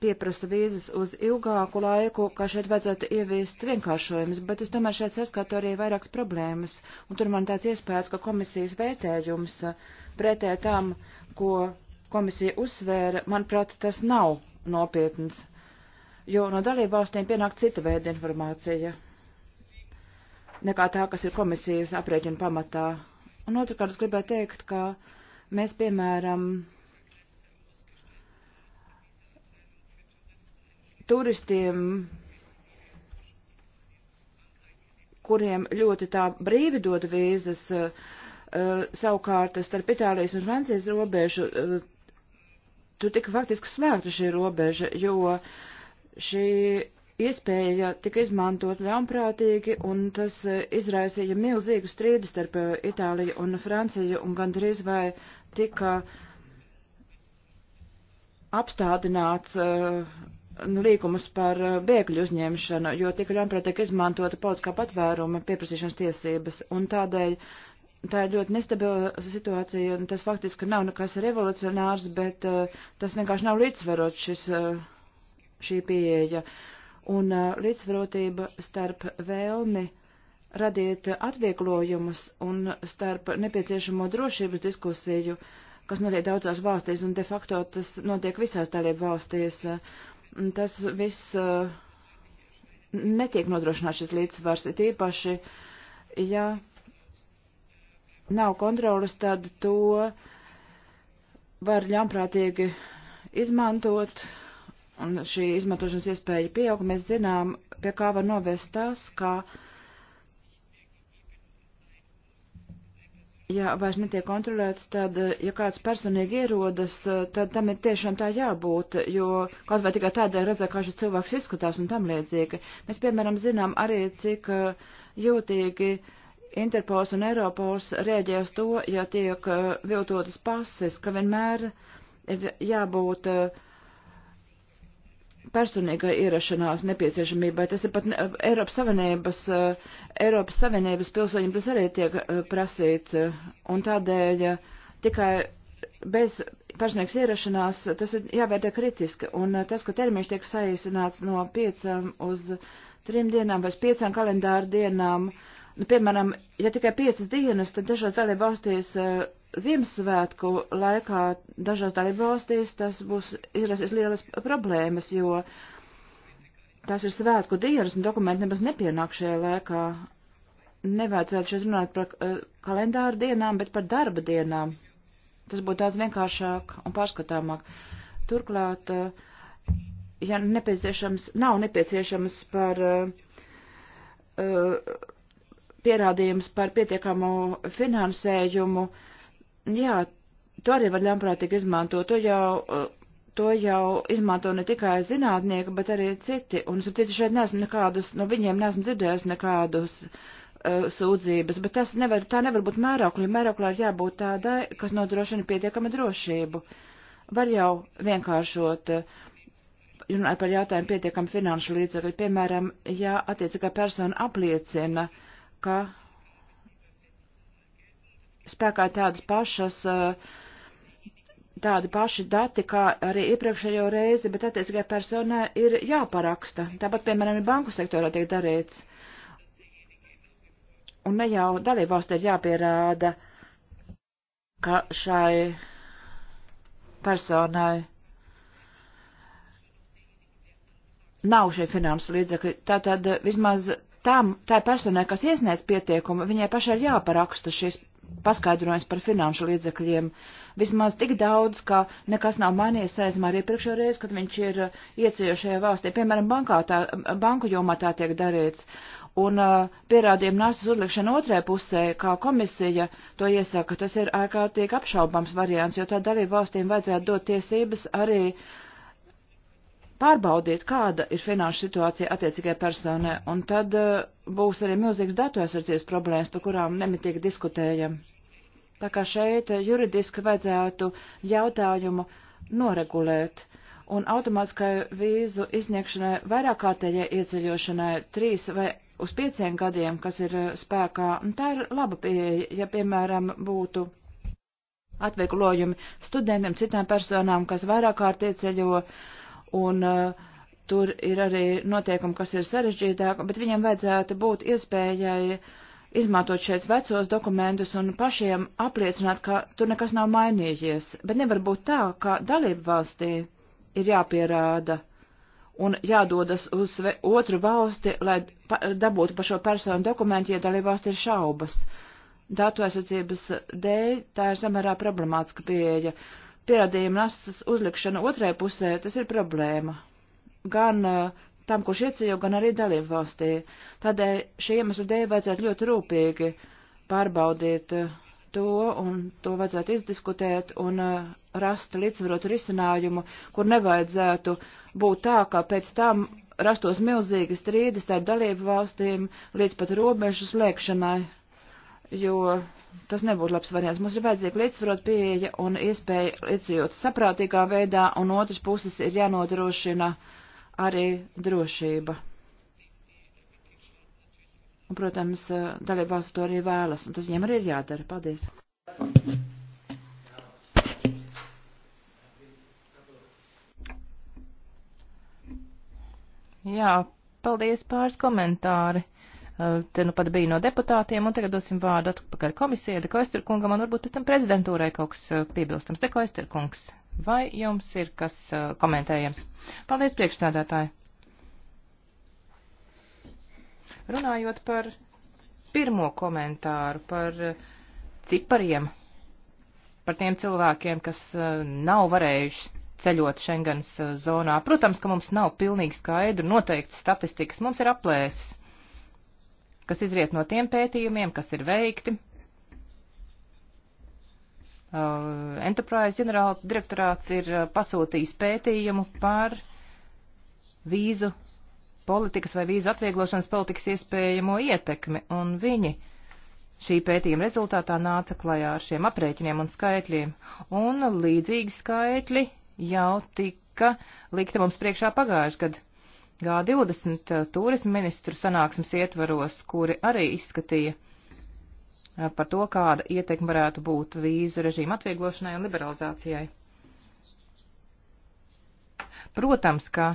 pieprasa vīzas uz ilgāku laiku, ka šeit vajadzētu ieviest vienkāršojumus, bet es tomēr šeit saskatu arī vairākas problēmas, un tur man tāds iespējas, ka komisijas vērtējums pretē tam, ko komisija uzsvēra, manuprāt, tas nav nopietns, jo no dalībvalstīm pienāk cita veida informācija nekā tā, kas ir komisijas aprēķina pamatā. Un otrkārt, es gribēju teikt, ka mēs, piemēram, turistiem, kuriem ļoti tā brīvi dod vīzas, eh, eh, savukārt starp Itālijas un Francijas robežu, eh, tur tika faktiski slēgta šī robeža, jo šī iespēja tika izmantot ļaunprātīgi, un tas izraisīja milzīgu strīdu starp Itāliju un Franciju, un gandrīz vai tika apstādināts uh, Nu, līkumus par eh, bēgļu uzņemšanu, jo tik ļaunprāt tiek izmantota politiskā patvēruma pieprasīšanas tiesības, un tādēļ tā ir ļoti nestabila situācija, un tas faktiski nav nekas revolucionārs, bet uh, tas vienkārši nav līdzsvarots šis, uh, šī pieeja, un uh, līdzsvarotība starp vēlmi radīt atvieglojumus un starp nepieciešamo drošības diskusiju, kas notiek daudzās valstīs, un de facto tas notiek visās dalību valstīs. Uh, tas viss eh, netiek nodrošināts šis līdzsvars, it īpaši, ja nav kontrolas, tad to var ļaunprātīgi izmantot, un šī izmantošanas iespēja pieaug, mēs zinām, pie kā var novest tas, ka uh, ja vairs netiek kontrolēts, tad, eh, ja kāds personīgi ierodas, eh, tad tam ir tiešām tā jābūt, jo kaut vai tikai tādēļ redzēt, kā šis cilvēks izskatās un tam līdzīgi. Mēs, piemēram, zinām arī, cik eh, jūtīgi Interpols un Eiropols rēģē uz to, ja tiek viltotas pases, ka vienmēr ir jābūt uh, personīga ierašanās nepieciešamībai. Tas ir pat ne, eh, Eiropas Savienības, eh, Eiropas Savienības pilsoņiem tas arī tiek eh, prasīts. Un tādēļ tikai bez personīgas ierašanās tas ir jāvērtē kritiski. Un tas, ka termiņš tiek saīsināts no piecām uz trim dienām vai piecām kalendāru dienām, nu, piemēram, ja tikai piecas dienas, tad dažās dalība valstīs Ziemassvētku laikā dažās dalībvalstīs tas būs izrasīs lielas problēmas, jo tās ir svētku dienas un dokumenti nemaz nepienāk šajā laikā. Nevajadzētu šeit runāt par uh, kalendāru dienām, bet par darba dienām. Tas būtu tāds vienkāršāk un pārskatāmāk. Turklāt, uh, ja nepieciešams, nav nepieciešams par uh, pierādījums par pietiekamu finansējumu, uh, Jā, to arī var ļaunprātīgi izmantot. To jau, eh, to jau izmanto ne tikai zinātnieki, bet arī citi. Un es citi šeit neesmu nekādus, no viņiem neesmu dzirdējis nekādus uh, sūdzības, bet tas nevar, tā nevar būt mēroklī. Mēroklā ir jābūt tādai, kas nodrošina pietiekami drošību. Var jau vienkāršot, eh, runāju par jautājumu pietiekami finanšu līdzekļu, piemēram, ja attiecīgā persona apliecina, ka spēkā tādas pašas, eh, tādi paši dati, kā arī iepriekšējo reizi, bet attiecīgai personai ir jāparaksta. Tāpat, piemēram, banku sektorā tiek darīts. Un ne jau dalībvalstī ir jāpierāda, ka šai personai nav šie finansu līdzekļi. Tātad vismaz tam, tai personai, kas iesniedz pietiekumu, viņai pašai ir jāparaksta šis paskaidrojums par finanšu līdzekļiem. Vismaz tik daudz, ka nekas nav mainījies saistībā ar iepriekšējo reizi, kad viņš ir uh, ieciejušajā valstī. Piemēram, bankā tā, banku jomā tā tiek darīts. Un uh, pierādījumu nāstas uzlikšana otrē pusē, kā komisija to iesaka, tas ir ārkārtīgi apšaubams variants, jo tā dalību valstīm vajadzētu dot tiesības arī uh, pārbaudiet, kāda ir finanšu situācija attiecīgai personai, un tad uh, būs arī milzīgs datu aizsardzības problēmas, par kurām nemitīgi diskutējam. Tā kā šeit eh, juridiski vajadzētu jautājumu noregulēt, un automātiskai vīzu izniegšanai vairāk kārtējai ieceļošanai trīs vai uz pieciem gadiem, kas ir eh, spēkā, un tā ir laba pieeja, ja, piemēram, būtu atvieglojumi studentiem, citām personām, kas vairāk kārt ieceļo uh, un uh, tur ir arī noteikumi, kas ir sarežģītāki, bet viņiem vajadzētu būt iespējai izmantot šeit vecos dokumentus un pašiem apliecināt, ka tur nekas nav mainījies. Bet nevar būt tā, ka dalību valstī ir jāpierāda un jādodas uz otru valsti, lai pa dabūtu pa šo personu dokumentu, ja dalību valstī ir šaubas. Datu aizsardzības dēļ tā ir samērā problemātiska pieeja. Uh, pierādījuma nastas uzlikšana otrē pusē, tas ir problēma. Gan uh, tam, kurš iecejo, gan arī dalību valstī. Tādēļ šī iemesla dēļ vajadzētu ļoti rūpīgi pārbaudīt uh, to, un to vajadzētu izdiskutēt un uh, rast līdzsvarotu risinājumu, kur nevajadzētu būt tā, ka pēc tam rastos milzīgas strīdas starp dalību valstīm līdz pat robežu slēgšanai jo tas nebūtu labs variants. Mums ir vajadzīga līdzsvarot pieeja un iespēja līdzsvarot saprātīgā veidā, un otrs puses ir jānodrošina arī drošība. Un, protams, dalībvalsts to arī vēlas, un tas viņiem arī ir jādara. Paldies! Jā, paldies pāris komentāri te nu pat bija no deputātiem, un tagad dosim vārdu atpakaļ komisijai, Dekoister kungam, un varbūt pēc tam prezidentūrai kaut kas eh, piebilstams. Dekoister kungs, vai jums ir kas eh, komentējams? Paldies, priekšsēdētāji! Runājot par pirmo komentāru, par eh, cipariem, par tiem cilvēkiem, kas nav varējuši ceļot Schengens zonā. Protams, ka mums nav pilnīgi skaidru noteikti statistikas, mums ir aplēses kas izriet no tiem pētījumiem, kas ir veikti. Uh, Enterprise ģenerāls direktorāts ir uh, pasūtījis pētījumu par vīzu politikas vai vīzu atvieglošanas politikas iespējamo ietekmi, un viņi šī pētījuma rezultātā nāca klajā ar šiem aprēķiniem un skaitļiem, un līdzīgi skaitļi jau tika likti mums priekšā pagājuši gadu. G20 eh, turismu ministru sanāksmes ietvaros, kuri arī izskatīja eh, par to, kāda ietekme varētu būt vīzu režīmu atvieglošanai un liberalizācijai. Protams, ka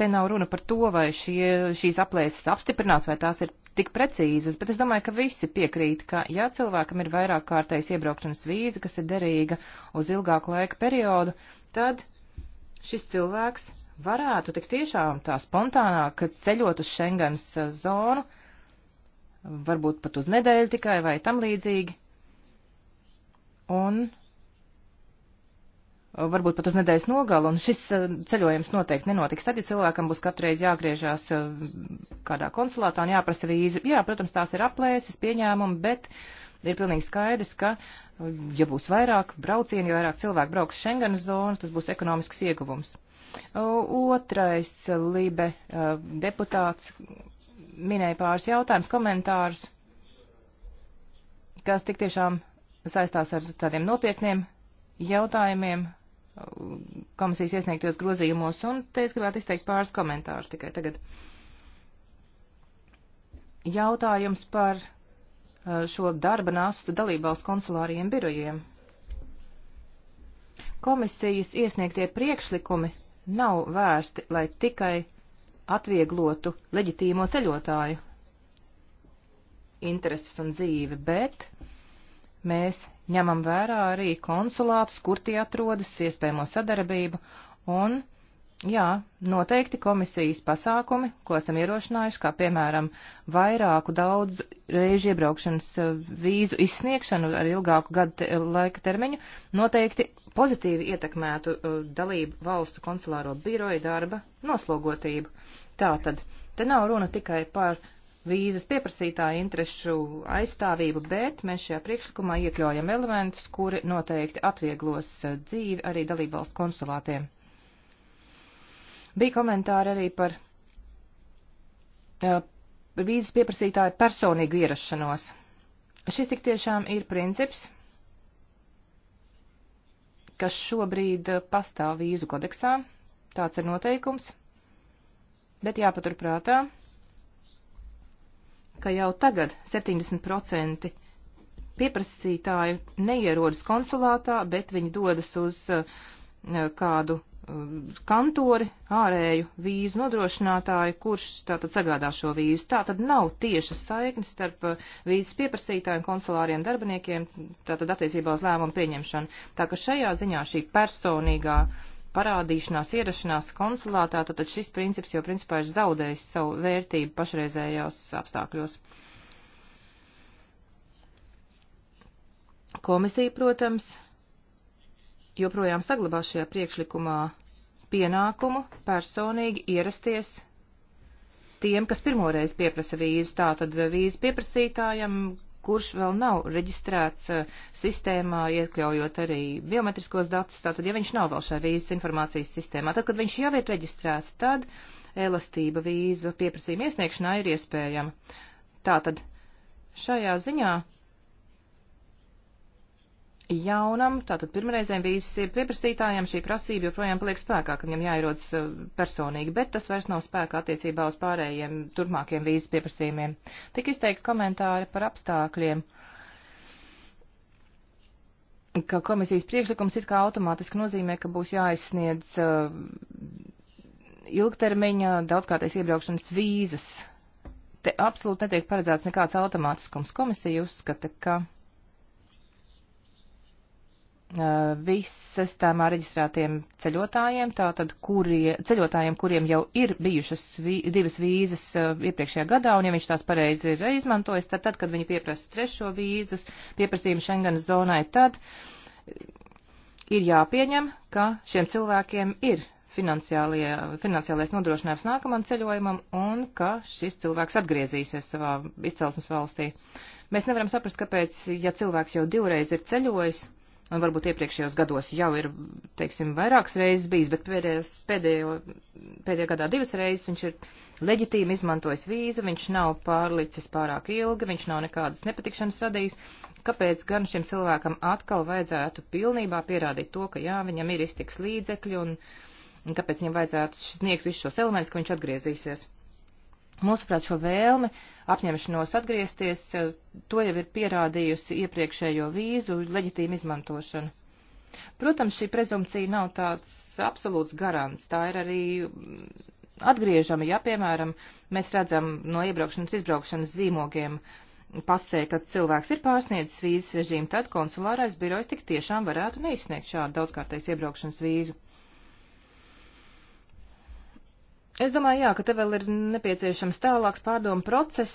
te nav runa par to, vai šie, šīs aplēses apstiprinās, vai tās ir tik precīzas, bet es domāju, ka visi piekrīt, ka, ja cilvēkam ir vairāk kārtējas iebraukšanas vīza, kas ir derīga uz ilgāku laika periodu, tad šis cilvēks varētu tik tiešām tā spontānāk ceļot uz Schengens eh, zonu, varbūt pat uz nedēļu tikai vai tam līdzīgi, un eh, varbūt pat uz nedēļas nogalu, un šis eh, ceļojums noteikti nenotiks. Tad, ja cilvēkam būs katreiz jāgriežās kādā konsulātā un jāprasa vīzi, jā, protams, tās ir aplēses, pieņēmumi, bet ir pilnīgi skaidrs, ka, ja būs vairāk braucieni, ja vairāk cilvēku brauks Schengenas zonu, tas būs ekonomisks ieguvums. Otrais Libe uh, deputāts minēja pāris jautājumus, komentārus, kas tik tiešām saistās ar tādiem nopietniem jautājumiem uh, komisijas iesniegtos grozījumos, un te es gribētu izteikt pāris komentārus tikai tagad. Jautājums par uh, šo darba nastu dalībvalstu konsulāriem birojiem. Komisijas iesniegtie priekšlikumi nav vērsti, lai tikai atvieglotu leģitīmo ceļotāju intereses un dzīvi, bet mēs ņemam vērā arī konsulātus, kur tie atrodas, iespējamo sadarbību un Jā, noteikti komisijas pasākumi, ko esam ierošinājuši, kā piemēram vairāku daudz reižu iebraukšanas eh, vīzu izsniegšanu ar ilgāku gadu te, eh, laika termiņu, noteikti pozitīvi ietekmētu eh, dalību valstu konsulāro biroju darba noslogotību. Tātad, te nav runa tikai par vīzas pieprasītāja interešu aizstāvību, bet mēs šajā priekšlikumā iekļaujam elementus, kuri noteikti atvieglos dzīvi arī dalību valstu konsulātiem. Bija komentāri arī par uh, vīzas pieprasītāju personīgu ierašanos. Šis tik tiešām ir princips, kas šobrīd eh, pastāv vīzu kodeksā. Tāds ir noteikums. Bet jāpaturprātā, ka jau tagad 70% pieprasītāju neierodas konsulātā, bet viņi dodas uz uh, kādu eh, kantori, ārēju vīzu nodrošinātāju, kurš tātad sagādā šo vīzu. Tā tad nav tieša saikne starp eh, vīzas pieprasītājiem, konsulāriem darbiniekiem, tātad attiecībā uz lēmumu pieņemšanu. Tā ka šajā ziņā šī personīgā parādīšanās, ierašanās konsulātā, tātad šis princips jau principā ir zaudējis savu vērtību pašreizējos apstākļos. Komisija, protams, joprojām saglabā šajā priekšlikumā pienākumu personīgi ierasties tiem, kas pirmoreiz pieprasa vīzu, tātad vīzu pieprasītājam, kurš vēl nav reģistrēts eh, sistēmā, iekļaujot arī biometriskos datus, tātad, ja viņš nav vēl šajā vīzas informācijas sistēmā, tad, kad viņš jau ir reģistrēts, tad elastība vīzu pieprasījuma iesniegšanā ir iespējama. Tātad, šajā ziņā jaunam, tātad pirmreizēm vīzes pieprasītājiem šī prasība joprojām paliek spēkā, ka viņam jāierodas eh, personīgi, bet tas vairs nav spēkā attiecībā uz pārējiem turpmākiem vīzes pieprasījumiem. Tik izteikti komentāri par apstākļiem, ka komisijas priekšlikums it kā automātiski nozīmē, ka būs jāizsniedz uh, ilgtermiņa daudzkārtais iebraukšanas vīzas. Te absolūti netiek paredzēts nekāds automātiskums. Komisija uzskata, ka Eh, visas tēmā reģistrētiem ceļotājiem, tātad kurie, ceļotājiem, kuriem jau ir bijušas vī, divas vīzas uh, iepriekšējā gadā, un ja viņš tās pareizi ir izmantojis, tad, tad kad viņi pieprasa trešo vīzus, pieprasījumu Schengen zonai, tad ir jāpieņem, ka šiem cilvēkiem ir finansiālais nodrošinājums nākamam ceļojumam un ka šis cilvēks atgriezīsies savā izcelsmes valstī. Mēs nevaram saprast, kāpēc, ja cilvēks jau divreiz ir ceļojis, un varbūt iepriekšējos gados jau ir, teiksim, vairākas reizes bijis, bet pēdējos, pēdējo, pēdējā gadā divas reizes viņš ir leģitīmi izmantojis vīzu, viņš nav pārlicis pārāk ilgi, viņš nav nekādas nepatikšanas radījis. Kāpēc gan šim cilvēkam atkal vajadzētu pilnībā pierādīt to, ka jā, viņam ir iztiks līdzekļi un, un kāpēc viņam vajadzētu sniegt visus šos elementus, ka viņš atgriezīsies? Mūsuprāt, šo vēlmi apņemšanos atgriezties, eh, to jau ir pierādījusi iepriekšējo vīzu leģitīma izmantošana. Protams, šī prezumcija nav tāds absolūts garants, tā ir arī mm, atgriežama, ja, piemēram, mēs redzam no iebraukšanas izbraukšanas zīmogiem pasē, kad cilvēks ir pārsniedzis vīzes režīmu, tad konsulārais birojs tik tiešām varētu neizsniegt šādu daudzkārtais iebraukšanas vīzu. Es domāju, jā, ka te vēl ir nepieciešams tālāks pārdomu process.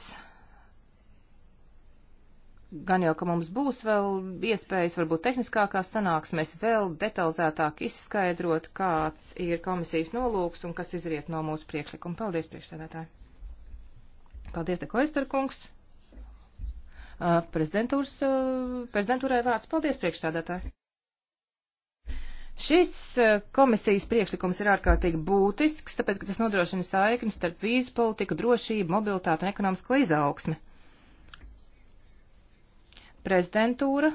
Gan jau, ka mums būs vēl iespējas, varbūt tehniskākās sanāksmēs, vēl detalizētāk izskaidrot, kāds ir komisijas nolūks un kas izriet no mūsu priekšlikuma. Paldies, priekšsēdētāji! Paldies, Dekoistarkungs! Uh, uh, prezidentūrai vārds. Paldies, priekšsēdētāji! Šis eh, komisijas priekšlikums ir ārkārtīgi būtisks, tāpēc, ka tas nodrošina saikni starp vīzu politiku, drošību, mobilitāti un ekonomisko izaugsmi. Prezidentūra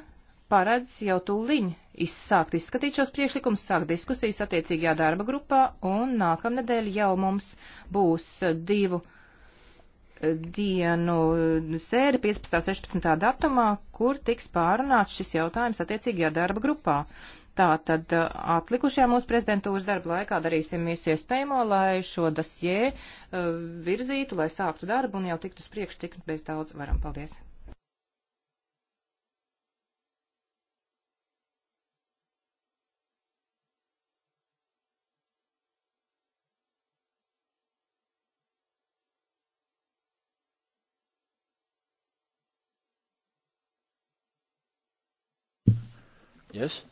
paredz jau tūliņ izsākt izskatīt šos priekšlikumus, sākt diskusijas attiecīgajā darba grupā, un nākamnedēļ jau mums būs eh, divu eh, dienu sēri 15. 16. datumā, kur tiks pārunāts šis jautājums attiecīgajā darba grupā. Tā tad uh, atlikušajā mūsu prezidentūras darba laikā darīsim visu iespējamo, lai šo dasjē uh, virzītu, lai sāktu darbu un jau tiktu uz priekšu, cik bez daudz varam. Paldies! Yes.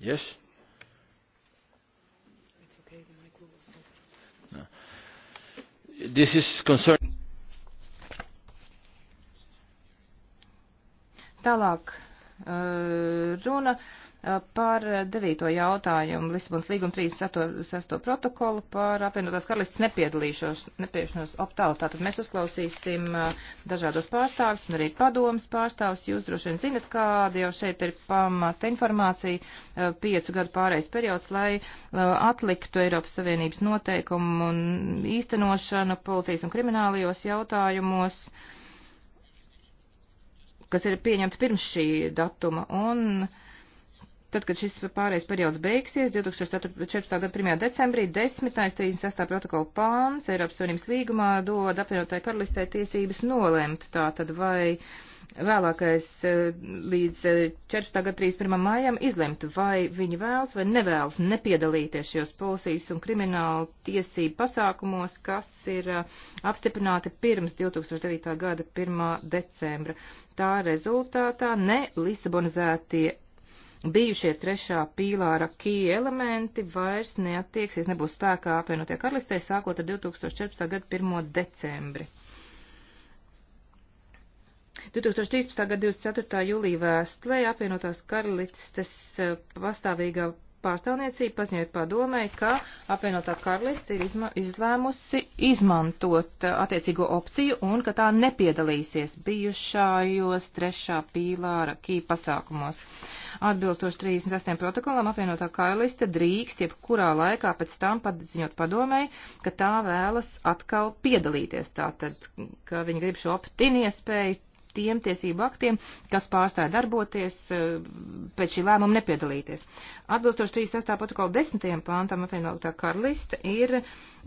Yes? It's okay, the mic will stop. No. This is concerning. Tālāk uh, runa Eh, par devīto jautājumu Lisabons līguma 36. protokolu par apvienotās karalistas nepiedalīšanos opt-out. Tātad mēs uzklausīsim eh, dažādos pārstāvis un arī padomas pārstāvis. Jūs droši vien zinat, kāda jau šeit ir pamata informācija eh, piecu gadu pārējais periods, lai atliktu Eiropas Savienības noteikumu un īstenošanu policijas un kriminālijos jautājumos kas ir pieņemts pirms šī datuma. Un, uh, Tad, kad šis pārējais periods beigsies, 2014. gada 1. decembrī, 10. 36. protokola pāns Eiropas Savienības līgumā dod apvienotāju karalistē tiesības nolemt, tātad vai vēlākais eh, līdz 14. Eh, gada 31. maijam izlemt, vai viņi vēlas vai nevēlas nepiedalīties šajos policijas un kriminālu tiesību pasākumos, kas ir eh, apstiprināti pirms 2009. gada 1. decembra. Tā rezultātā ne Lisabonizētie bijušie trešā pīlāra key elementi vairs neattieksies, nebūs spēkā apvienotie karalistē sākot ar 2014. gada 1. decembri. 2013. gada 24. jūlija vēstulē apvienotās karalistes eh, pastāvīgā pārstāvniecība paziņoja padomē, ka apvienotā karaliste ir izma izlēmusi izmantot uh, attiecīgo opciju un ka tā nepiedalīsies bijušājos trešā pīlāra kī pasākumos. Atbilstoši 36. protokolam apvienotā karaliste drīkst jebkurā laikā pēc tam paziņot padomē, ka tā vēlas atkal piedalīties, tātad, ka viņa grib šo optīnu iespēju tiem tiesību aktiem, kas pārstāja darboties eh, pēc šī lēmuma nepiedalīties. Atbilstoši 36. protokola 10. pāntam apvienotā karalista ir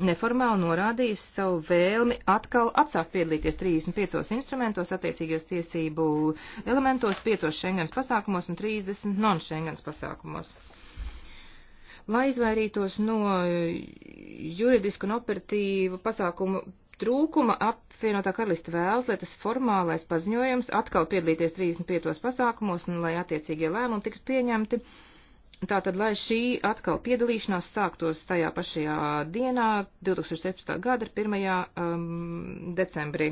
neformāli norādījis savu vēlmi atkal atsākt piedalīties 35 instrumentos, attiecīgajos tiesību elementos, 5 Schengens pasākumos un 30 non-Schengens pasākumos lai izvairītos no eh, juridisku un operatīvu pasākumu trūkuma apvienotā karalista vēlas, lai tas formālais paziņojums atkal piedalīties 35 pasākumos un lai attiecīgie lēmumi tiktu pieņemti. Tātad, lai šī atkal piedalīšanās sāktos tajā pašajā dienā, 2017. gada 1. Um, decembrī.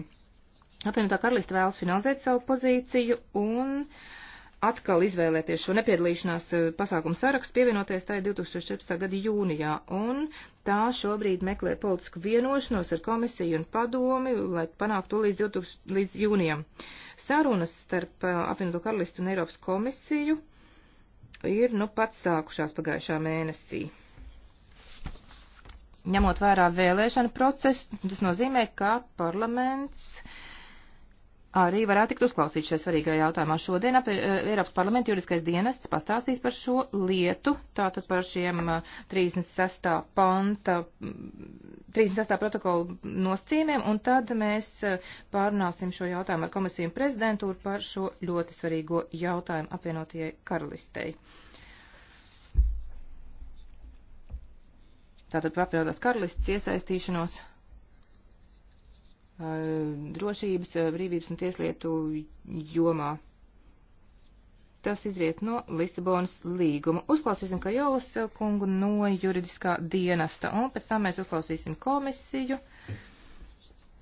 Apvienotā karalista vēlas finalizēt savu pozīciju un uh, atkal izvēlēties šo nepiedalīšanās eh, pasākumu sarakstu, pievienoties tai 2014. gada jūnijā, un tā šobrīd meklē politisku vienošanos ar komisiju un padomi, lai panāktu to līdz, 2000, līdz jūnijam. Sarunas starp eh, apvienoto karalistu un Eiropas komisiju ir nu pats sākušās pagājušā mēnesī. Ņemot vērā vēlēšanu procesu, tas nozīmē, ka parlaments uh, arī varētu tikt uzklausīt šajā svarīgajā jautājumā. Šodien ap, eh, Eiropas parlamenta juridiskais dienests pastāstīs par šo lietu, tātad par šiem 36. Eh, panta, 36. Mm, protokola nosacījumiem, un tad mēs eh, pārnāsim šo jautājumu ar komisiju un prezidentūru par šo ļoti svarīgo jautājumu apvienotajai karalistei. Tātad papildās karalists iesaistīšanos Eh, drošības, eh, brīvības un tieslietu jomā. Tas izriet no Lisabonas līguma. Uzklausīsim Kajolas eh, kungu no juridiskā dienesta, un pēc tam mēs uzklausīsim komisiju.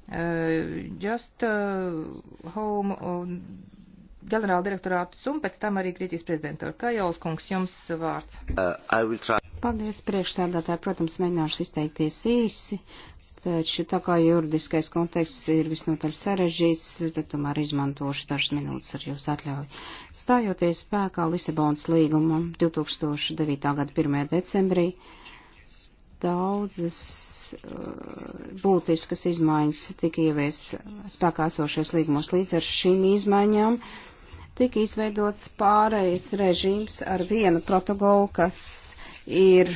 Uh, just uh, Home uh, ģenerāla direktorātus un pēc tam arī Grieķijas prezidentu. Kajolas kungs, jums vārds. Uh, Paldies, priekšsēdētāji. Protams, mēģināšu izteikties īsi, taču tā kā juridiskais konteksts ir visnotaļ sarežģīts, tad tomēr izmantošu dažas minūtes ar jūs atļauju. Stājoties spēkā Lisabonas līgumam 2009. gada 1. decembrī, daudzas uh, būtiskas izmaiņas tika ievies spēkā esošais līgumos līdz ar šīm izmaiņām tika izveidots pārējais režīms ar vienu protokolu, kas ir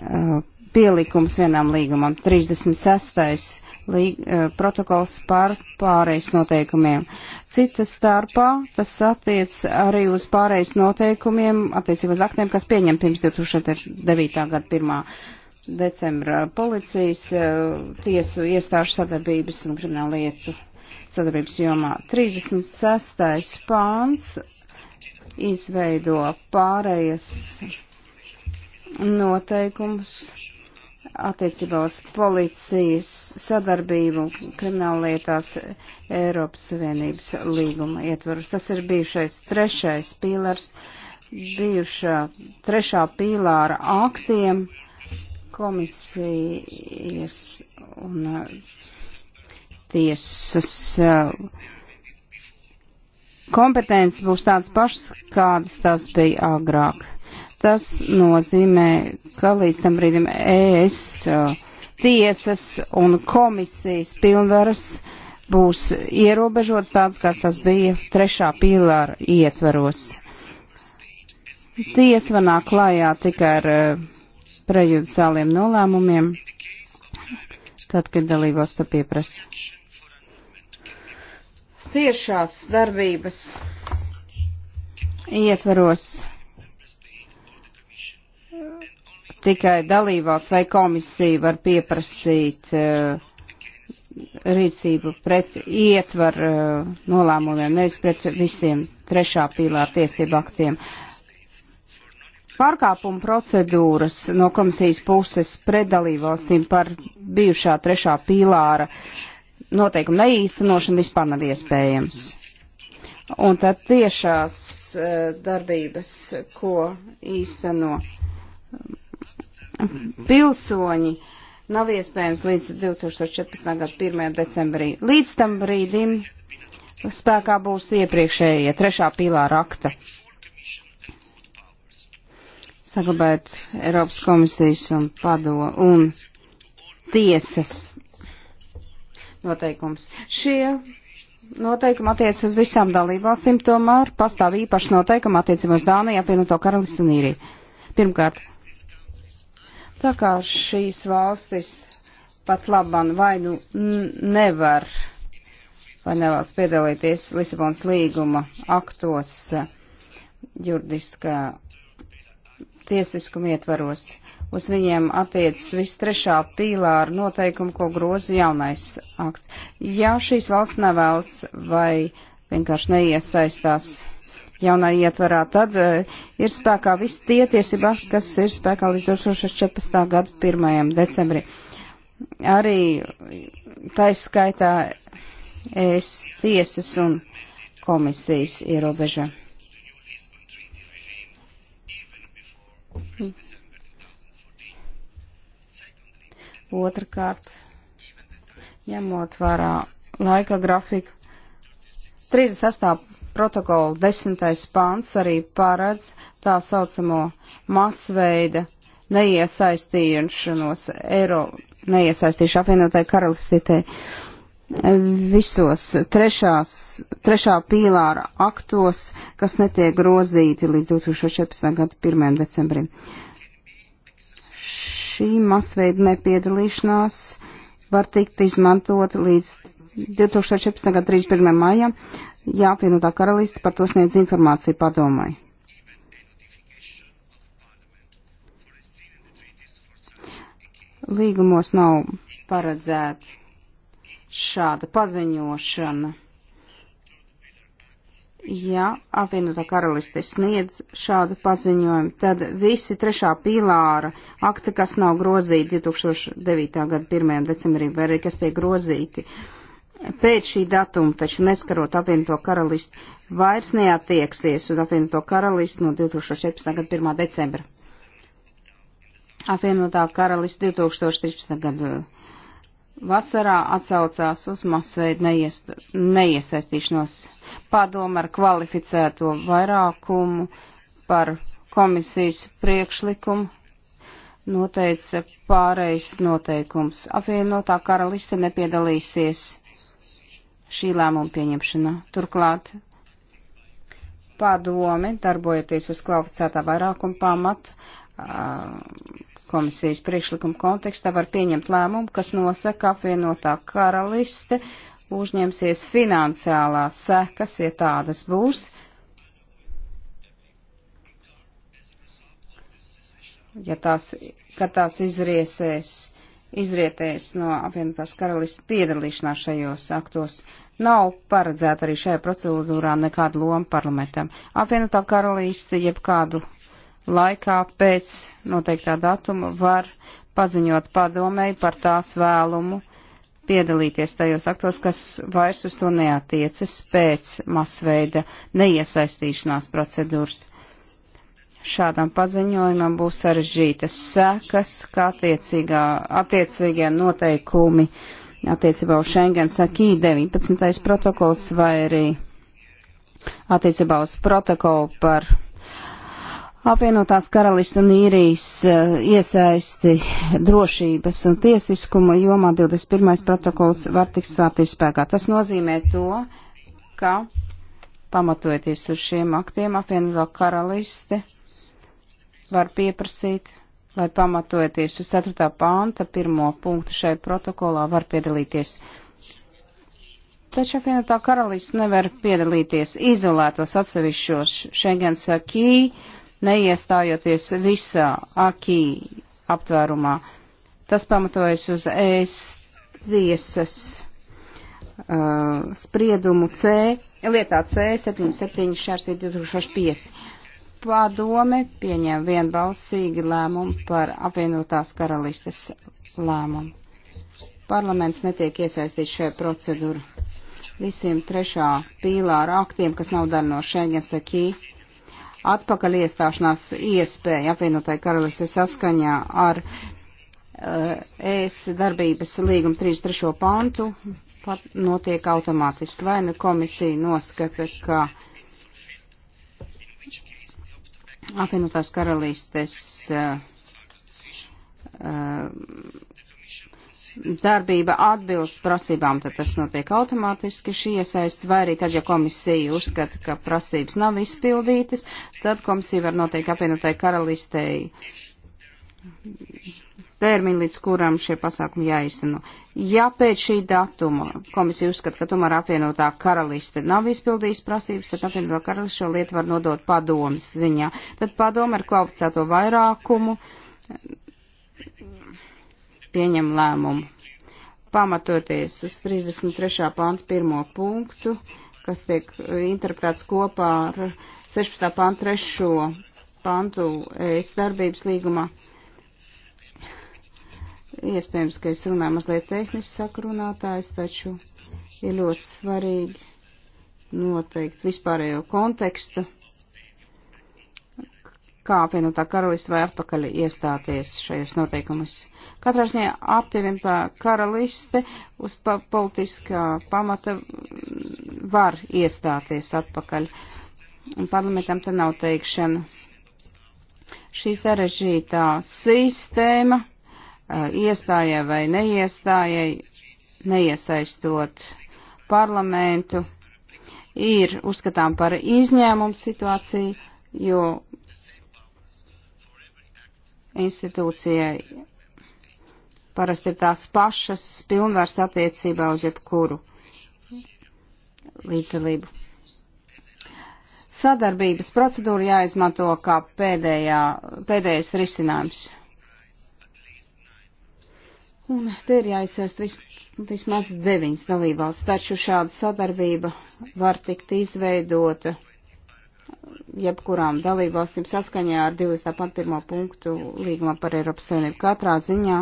uh, pielikums vienam līgumam, 36. Līg, uh, protokols par pārejas noteikumiem. Cita starpā tas attiec arī uz pārejas noteikumiem, attiecībā uz aktiem, kas pieņem pirms 2009. gada 1. decembra policijas, uh, tiesu iestāžu sadarbības un kriminālu lietu sadarbības jomā. 36. pāns izveido pārējas noteikumus attiecībā uz policijas sadarbību krimināllietās Eiropas Savienības līguma ietvaros. Tas ir bijušais trešais pīlars, bijušā trešā pīlāra aktiem komisijas un uh, tiesas uh, kompetences būs tādas pašas, kādas tās bija agrāk. Tas nozīmē, ka līdz tam brīdim ES tiesas un komisijas pilnvaras būs ierobežots tāds, kāds tas bija trešā pīlāra ietvaros. Tiesa vanā klājā tikai ar e, prejudiciāliem nolēmumiem, tad, kad dalībās to pieprasa. Tiešās darbības ietvaros Tikai dalībvalsts vai komisija var pieprasīt uh, rīcību pret ietvaru uh, eh, nolēmumiem, nevis pret visiem trešā pīlā tiesību aktiem. Pārkāpuma procedūras no komisijas puses pret dalībvalstīm par bijušā trešā pīlāra noteikumu neīstenošanu vispār nav iespējams. Un tad tiešās uh, darbības, ko īsteno pilsoņi nav iespējams līdz 2014. gada 1. decembrī. Līdz tam brīdim spēkā būs iepriekšējie trešā pīlā rakta. Saglabājot Eiropas komisijas un pado un tiesas noteikums. Šie noteikumi attiecas uz visām dalībvalstīm, tomēr pastāv īpaši noteikumi attiecībā uz Dāniju, apvienoto karalistu un īriju. Pirmkārt, Tā kā šīs valstis pat labam vai nu nevar vai nevēlas piedalīties Lisabonas līguma aktos juridiskā tiesiskuma ietvaros. Uz viņiem attiecas viss trešā pīlāra noteikuma, ko groza jaunais akts. Ja šīs valsts nevēlas vai vienkārši neiesaistās jaunā ietvarā, tad eh, ir spēkā visi tie tiesība akti, kas ir spēkā līdz 2014. gada 1. decembrim. Arī taiskaitā es tiesas un komisijas ierobeža. Otrakārt, ņemot vērā laika grafiku, 36 protokola desmitais pants arī paredz tā saucamo masveida neiesaistīšanos eiro, neiesaistīšu apvienotai karalistītei visos trešās, trešā pīlāra aktos, kas netiek grozīti līdz 2014. gada 1. decembrim. Šī masveida nepiedalīšanās var tikt izmantota līdz 2014. gada 31. maijā jāapvienotā karalista par to sniedz informāciju padomai. Līgumos nav paredzēta šāda paziņošana. Ja apvienotā karaliste sniedz šādu paziņojumu, tad visi trešā pīlāra akti, kas nav grozīti 2009. gada 1. decembrī, vai arī kas tiek grozīti, uh, pēc šī datuma, taču neskarot apvienoto karalisti, vairs neatieksies uz apvienoto karalisti no 2017. gada 1. decembra. Apvienotā karalisti 2013. gada vasarā atsaucās uz masveidu neies, neiesaistīšanos padomu ar kvalificēto vairākumu par komisijas priekšlikumu noteica pārejas noteikums. Apvienotā karaliste nepiedalīsies šī lēmuma pieņemšanā. Turklāt padome, darbojoties uz kvalificētā vairākuma pamata, komisijas priekšlikuma kontekstā var pieņemt lēmumu, kas nosaka apvienotā karaliste uzņemsies finansiālās sekas, ja tādas būs. Ja tās, kad tās izriesēs izrietējis no apvienotās karalistas piedalīšanās šajos aktos. Nav paredzēta arī šajā procedūrā nekāda loma parlamentam. Apvienotā karalista jebkādu laikā pēc noteiktā datuma var paziņot padomēji par tās vēlumu piedalīties tajos aktos, kas vairs uz to neatiecas pēc masveida neiesaistīšanās procedūras šādam paziņojumam būs sarežģītas sekas, kā attiecīgie noteikumi attiecībā uz Schengens akī 19. protokols vai arī attiecībā uz protokolu par apvienotās karalistas un īrijas eh, iesaisti drošības un tiesiskuma jomā 21. protokols var tikt stāties spēkā. Tas nozīmē to, ka pamatojoties uz šiem aktiem apvienotā karaliste var pieprasīt, lai pamatojoties uz 4. pānta pirmo punktu šai protokolā var piedalīties. Taču apvienotā karalists nevar piedalīties izolētos atsevišķos Schengens akī, neiestājoties visā akī aptvērumā. Tas pamatojas uz ES tiesas uh, spriedumu C, lietā C 77 šārsīt 2005 padome pieņem vienbalsīgi lēmumu par apvienotās karalistes lēmumu. Parlaments netiek iesaistīts šajā procedūrā. Visiem trešā pīlāra aktiem, kas nav daļa no Schengens akī, atpakaļ iestāšanās iespēja apvienotai karalistē saskaņā ar uh, ES darbības līguma 33. pantu pat notiek automātiski. Vai nu komisija noskata, ka apvienotās karalistes eh, eh, darbība atbilst prasībām, tad tas notiek automātiski šī iesaist, vai arī tad, ja komisija uzskata, ka prasības nav izpildītas, tad komisija var noteikt apvienotai karalistei termiņu, līdz kuram šie pasākumi jāizteno. Ja pēc šī datuma komisija uzskata, ka tomēr apvienotā karaliste nav izpildījusi prasības, tad apvienotā karaliste šo lietu var nodot padomas ziņā. Tad padoma ar kvalificēto vairākumu pieņem lēmumu. Pamatoties uz 33. pāntu pirmo punktu, kas tiek uh, interpretēts kopā ar 16. pāntu trešo pantu es darbības līgumā Iespējams, ka es runāju mazliet tehniski sakrunātājs, taču ir ļoti svarīgi noteikt vispārējo kontekstu, kā apvienotā karalista vai atpakaļ iestāties šajos noteikumus. Katrā ziņā apvienotā karaliste uz pa politiskā pamata var iestāties atpakaļ. Un parlamentam te nav teikšana. Šī sarežģītā sistēma Eh, iestājai vai neiestājai, neiesaistot parlamentu, ir uzskatām par izņēmumu situāciju, jo institūcijai parasti ir tās pašas pilnvars attiecībā uz jebkuru līdzdalību. Sadarbības procedūra jāizmanto kā pēdējā, pēdējais risinājums. Un te ir jāiesaist vis, vismaz deviņas dalībvalsts, taču šāda sadarbība var tikt izveidota jebkurām dalībvalstīm saskaņā ar 21. punktu līgumā par Eiropas Savienību. Katrā ziņā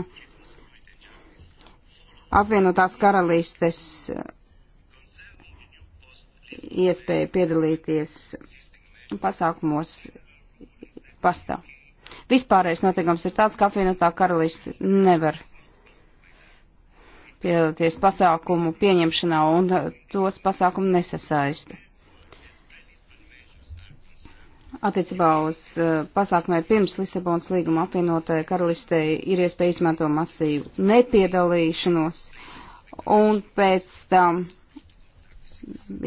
apvienotās karalistes iespēja piedalīties pasākumos pastāv. Vispārējais noteikums ir tāds, ka apvienotā karalists nevar piedalīties pasākumu pieņemšanā un tos pasākumu nesasaista. Attiecībā uz uh, pasākumiem pirms Lisabonas līguma apvienotajai karalistei ir iespēja izmanto masīvu nepiedalīšanos un pēc tam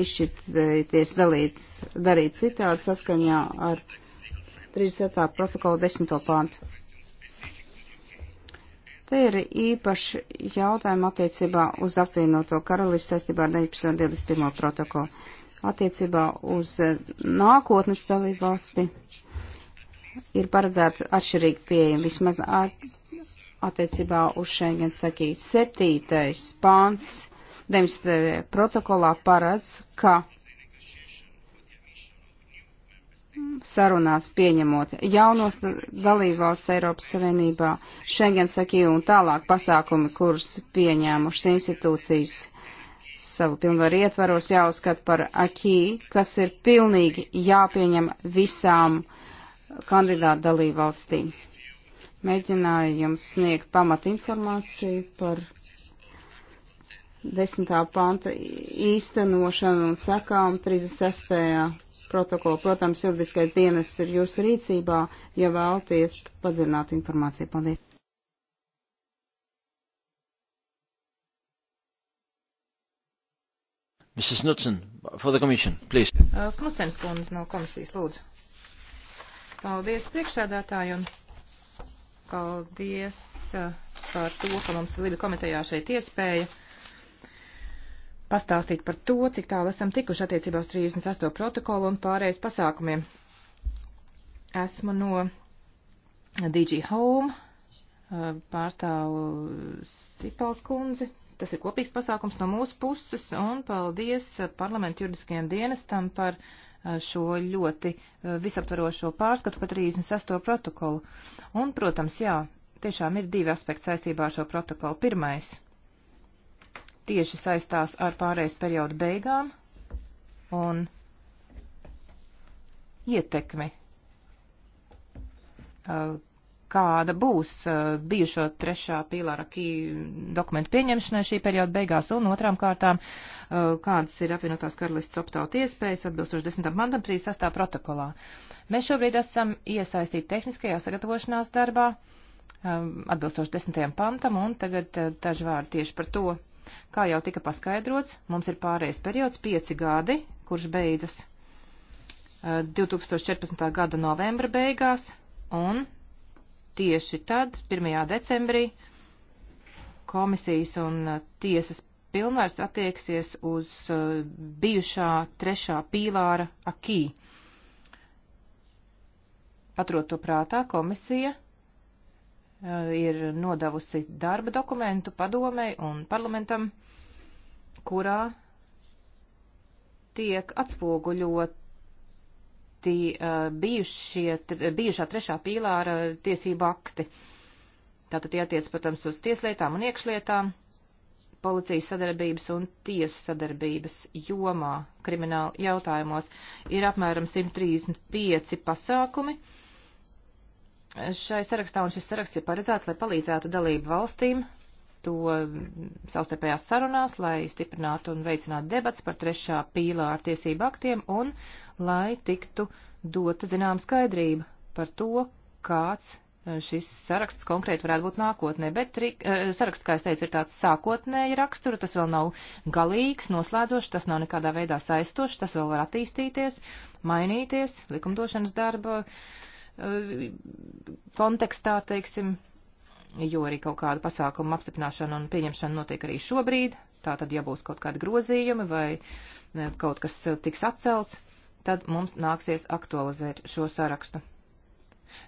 izšķirties dalīt, darīt citādi saskaņā ar 37. protokola 10. pāntu. Te ir īpaši jautājumi attiecībā uz apvienoto karalistu saistībā ar 19. un 21. protokolu. Attiecībā uz eh, nākotnes dalību valsti ir paredzēta atšķirīga pieeja, vismaz ar, attiecībā uz Schengen sakīt. Septītais pāns 19. protokolā paredz, ka sarunās pieņemot jaunos dalībvalsts Eiropas Savienībā, Schengen sakīju un tālāk pasākumi, kurus pieņēmušas institūcijas savu pilnvaru ietvaros jāuzskata par akī, kas ir pilnīgi jāpieņem visām kandidātu dalībvalstīm. Mēģināju jums sniegt pamat informāciju par 10. panta īstenošanu un sakām 36. protokolu. Protams, juridiskais dienas ir jūsu rīcībā, ja vēlties padzināt informāciju. Paldies! Mrs. Knudsen, for the Commission, please. Uh, Knudsens kundze no komisijas, lūdzu. Paldies priekšsēdētāju un paldies uh, par to, ka mums Libi komitejā šeit iespēja uh, pastāstīt par to, cik tālu esam tikuši attiecībā uz 38. protokolu un pārējais pasākumiem. Esmu no DG Home, pārstāvu Sipals kundzi. Tas ir kopīgs pasākums no mūsu puses, un paldies parlamentu juridiskajam dienestam par šo ļoti visaptvarošo pārskatu par 36. protokolu. Un, protams, jā, tiešām ir divi aspekti saistībā ar šo protokolu. Pirmais tieši saistās ar pārējais periodu beigām un ietekmi, kāda būs bijušo trešā pīlāra kī dokumentu pieņemšanai šī perioda beigās un otrām kārtām, kādas ir apvienotās karalists optaut iespējas atbilstoši 10. mandam 36. protokolā. Mēs šobrīd esam iesaistīti tehniskajā sagatavošanās darbā atbilstoši 10. pantam un tagad daži vārdi tieši par to Kā jau tika paskaidrots, mums ir pārējais periods pieci gadi, kurš beidzas 2014. Eh, gada novembra beigās, un tieši tad, 1. decembrī, komisijas un eh, tiesas pilnvars attieksies uz eh, bijušā trešā pīlāra akī. Paturot to prātā, komisija Eh, ir nodavusi darba dokumentu padomei un parlamentam, kurā tiek atspoguļoti eh, bijušie, bijušā trešā pīlāra tiesību akti. Tātad tie attiec, protams, uz tieslietām un iekšlietām, policijas sadarbības un tiesu sadarbības jomā krimināla jautājumos ir apmēram 135 pasākumi. Uh, šai sarakstā, un šis saraksts ir paredzēts, lai palīdzētu dalību valstīm to mm, savstarpējās sarunās, lai stiprinātu un veicinātu debats par trešā pīlā ar tiesību aktiem un lai tiktu dota zinām skaidrība par to, kāds eh, šis saraksts konkrēti varētu būt nākotnē, bet tri, eh, saraksts, kā es teicu, ir tāds sākotnēja rakstura, tas vēl nav galīgs, noslēdzošs, tas nav nekādā veidā saistošs, tas vēl var attīstīties, mainīties, likumdošanas darba uh, kontekstā, teiksim, jo arī kaut kāda pasākuma apstiprināšana un pieņemšana notiek arī šobrīd. Tātad, ja būs kaut kādi grozījumi vai kaut kas tiks atcelts, tad mums nāksies aktualizēt šo sarakstu.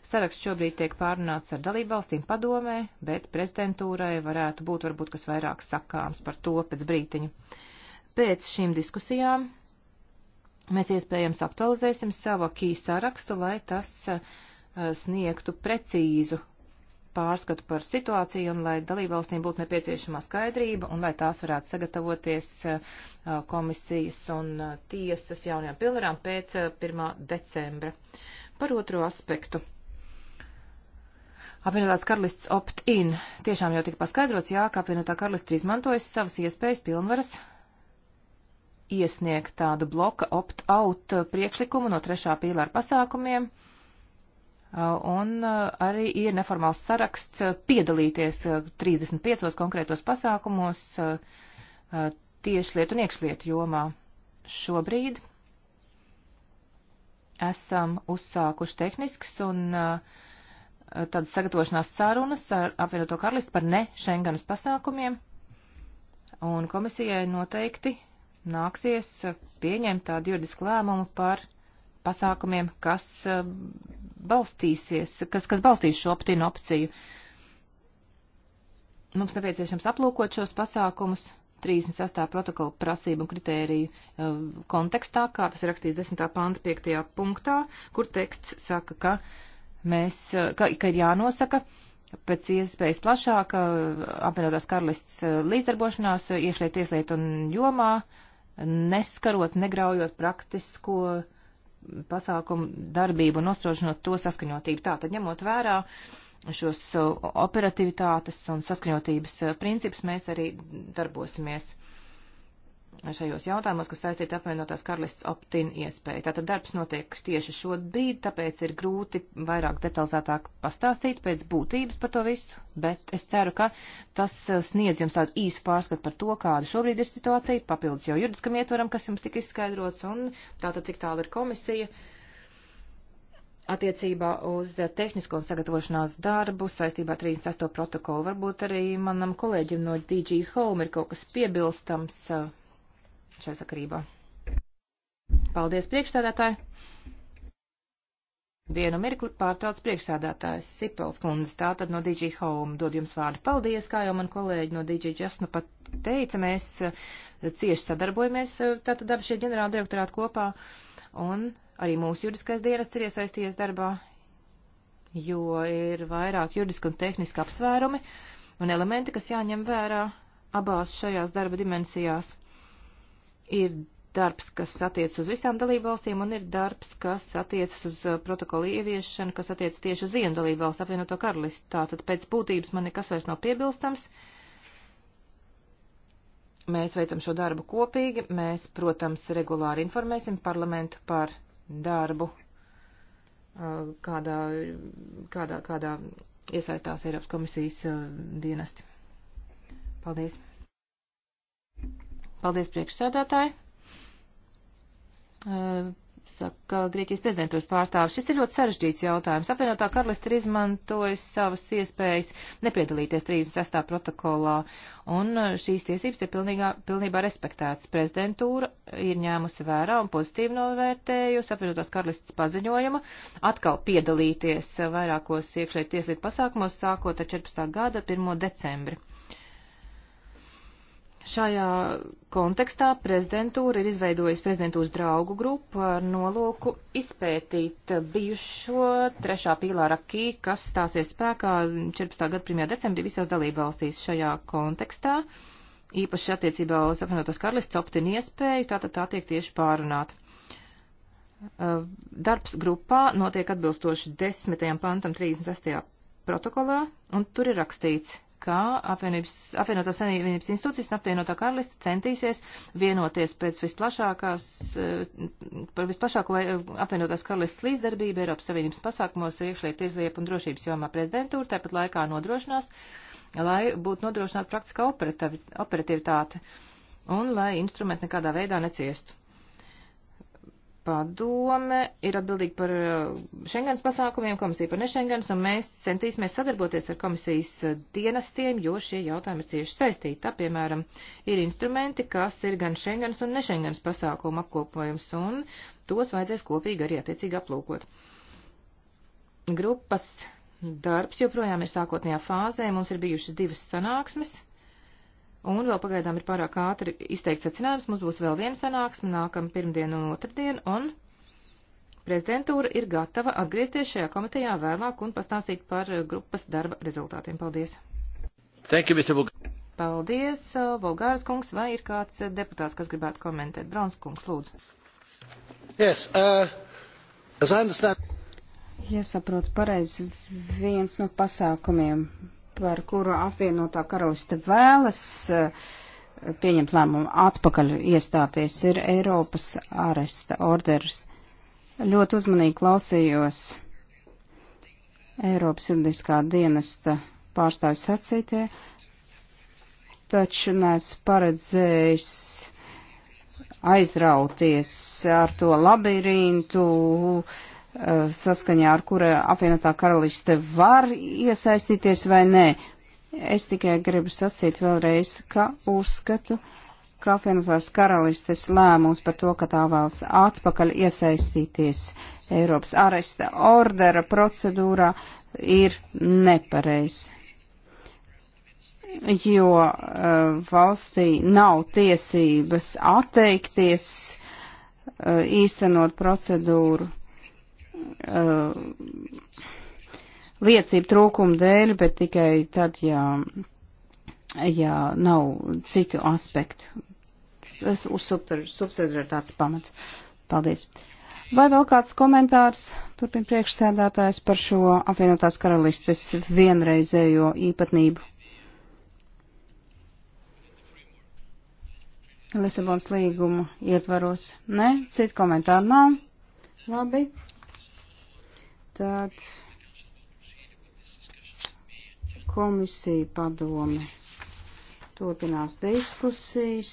Saraksts šobrīd tiek pārunāts ar dalību valstīm padomē, bet prezidentūrai varētu būt varbūt kas vairāk sakāms par to pēc brītiņa. Pēc šīm diskusijām Mēs iespējams aktualizēsim savu akī sarakstu, lai tas eh, sniegtu precīzu pārskatu par situāciju un lai dalībvalstīm būtu nepieciešama skaidrība un lai tās varētu sagatavoties eh, komisijas un eh, tiesas jaunajām pilnvarām pēc 1. decembra. Par otro aspektu. Apvienotās karalists opt-in. Tiešām jau tika paskaidrots, jā, ka apvienotā karalists izmantojas savas iespējas pilnvaras iesniegt tādu bloka opt-out priekšlikumu no trešā pīlāra pasākumiem, uh, un uh, arī ir neformāls saraksts uh, piedalīties 35 konkrētos pasākumos tiešlietu un iekšlietu jomā. Šobrīd esam uzsākuši tehnisks un tādas sagatavošanās sarunas ar apvienoto karalistu par ne Schengenas pasākumiem, un komisijai noteikti nāksies pieņemt tādu juridisku lēmumu par pasākumiem, kas eh, balstīsies, kas, kas balstīs šo optīnu opciju. Mums nepieciešams aplūkot šos pasākumus 36. protokola prasību un kritēriju eh, kontekstā, kā tas ir rakstīts 10. pāns 5. punktā, kur teksts saka, ka mēs, eh, ka, ka ir jānosaka pēc iespējas plašāka apvienotās karalists līdzdarbošanās iešliet, tieslietu un jomā, uh, neskarot, negraujot praktisko pasākumu darbību un nostrošinot to saskaņotību. Tātad, ņemot vērā šos operatīvitātes un saskaņotības principus, mēs arī darbosimies. Uh, šajos jautājumos, kas saistīti apvienotās karalists opt-in iespēju. Tātad darbs notiek tieši šobrīd, tāpēc ir grūti vairāk detalizētāk pastāstīt pēc būtības par to visu, bet es ceru, ka tas eh, sniedz jums tādu īsu pārskatu par to, kāda šobrīd ir situācija, papildus jau juridiskam ietvaram, kas jums tika izskaidrots, un tātad cik tālu ir komisija attiecībā uz tehnisko un sagatavošanās darbu saistībā 36. protokolu. Varbūt arī manam kolēģim no DG Home ir kaut kas piebilstams. Uh, šai sakarībā. Paldies, priekšstādātāji! Vienu mirkli pārtrauc priekšsādātājs Sipels kundze, tātad no DJ Home dod jums vārdu. Paldies, kā jau man kolēģi no DJ Just nu pat teica, mēs eh, cieši sadarbojamies eh, tātad ap šie ģenerāla direktorāti kopā, un arī mūsu juridiskais dienests ir iesaistījies darbā, jo ir vairāk juridiski un tehniski apsvērumi un elementi, kas jāņem vērā abās šajās darba dimensijās. Ir darbs, kas attiecas uz visām dalībvalstīm, un ir darbs, kas attiecas uz uh, protokolu ieviešanu, kas attiecas tieši uz vienu dalībvalstu apvienoto karalisti. Tātad pēc būtības man nekas vairs nav piebilstams. Mēs veicam šo darbu kopīgi, mēs, protams, regulāri informēsim parlamentu par darbu, uh, kādā, kādā, kādā iesaistās Eiropas komisijas uh, dienesti. Paldies! Paldies priekšsēdētāji. Eh, saka Grieķijas prezidentūras pārstāvis. Šis ir ļoti sarežģīts jautājums. Apvienotā karalista ir izmantojis savas iespējas nepiedalīties 36. protokolā, un eh, šīs tiesības ir pilnīgā, pilnībā respektētas. Prezidentūra ir ņēmusi vērā un pozitīvi novērtējusi apvienotās karalistas paziņojumu atkal piedalīties vairākos iekšēji tieslietu pasākumos sākot ar 14. gada 1. decembri. Šajā kontekstā prezidentūra ir izveidojusi prezidentūras draugu grupu ar nolūku izpētīt bijušo trešā pīlāra akī, kas stāsies spēkā 14. gada 1. decembrī visās dalībvalstīs šajā kontekstā. Īpaši attiecībā uz apvienotās karalists optinu iespēju, tātad tā tiek tieši pārunāta. Darbs grupā notiek atbilstoši 10. pantam 36. protokolā, un tur ir rakstīts – ka apvienības, apvienotās savienības institūcijas un apvienotā karalista centīsies vienoties pēc visplašākās, eh, par visplašāko eh, apvienotās karalistas līdzdarbību Eiropas Savienības pasākumos iekšliet izliepu un drošības jomā prezidentūra, tāpat laikā nodrošinās, lai būtu nodrošināta praktiskā operativitāte un lai instrumenti nekādā veidā neciestu padome ir atbildīga par eh, Schengens pasākumiem, komisija par nešengens, un mēs centīsimies sadarboties ar komisijas eh, dienestiem, jo šie jautājumi ir cieši saistīti. Tā, piemēram, ir instrumenti, kas ir gan Schengens un nešengens pasākumu apkopojums, un tos vajadzēs kopīgi arī attiecīgi aplūkot. Grupas darbs joprojām ir sākotnējā fāzē, mums ir bijušas divas sanāksmes Un vēl pagaidām ir pārāk ātri izteikts secinājums. Mums būs vēl viena sanāksme nākamā pirmdiena un otrdiena, un prezidentūra ir gatava atgriezties šajā komitejā vēlāk un pastāstīt par grupas darba rezultātiem. Paldies! Thank you, Mr. Bulgārs. Paldies, Bulgārs uh, kungs, vai ir kāds uh, deputāts, kas gribētu komentēt? Brauns kungs, lūdzu. Yes, uh, as I understand. Ja saprotu pareizi, viens no pasākumiem par kuru apvienotā karaliste vēlas eh, pieņemt lēmumu atpakaļ iestāties, ir Eiropas aresta orders. Ļoti uzmanīgi klausījos Eiropas juridiskā dienesta pārstāvju sacītie, taču neesmu paredzējis aizrauties ar to labirintu, uh, Eh, saskaņā ar kura apvienotā karaliste var iesaistīties vai nē. Es tikai gribu sacīt vēlreiz, ka uzskatu, ka apvienotās karalistes lēmums par to, ka tā vēlas atpakaļ iesaistīties Eiropas aresta ordera procedūrā, ir nepareizi. Jo uh, valstī nav tiesības atteikties uh, īstenot procedūru uh, liecību trūkumu dēļ, bet tikai tad, ja, ja nav citu aspektu. Tas uz subsidiaritātes pamatu. Paldies. Vai vēl kāds komentārs, turpin priekšsēdētājs, par šo apvienotās karalistes vienreizējo īpatnību? Lisabons līguma ietvaros. Nē, citu komentāru nav. Labi. Tad komisija padome turpinās diskusijas.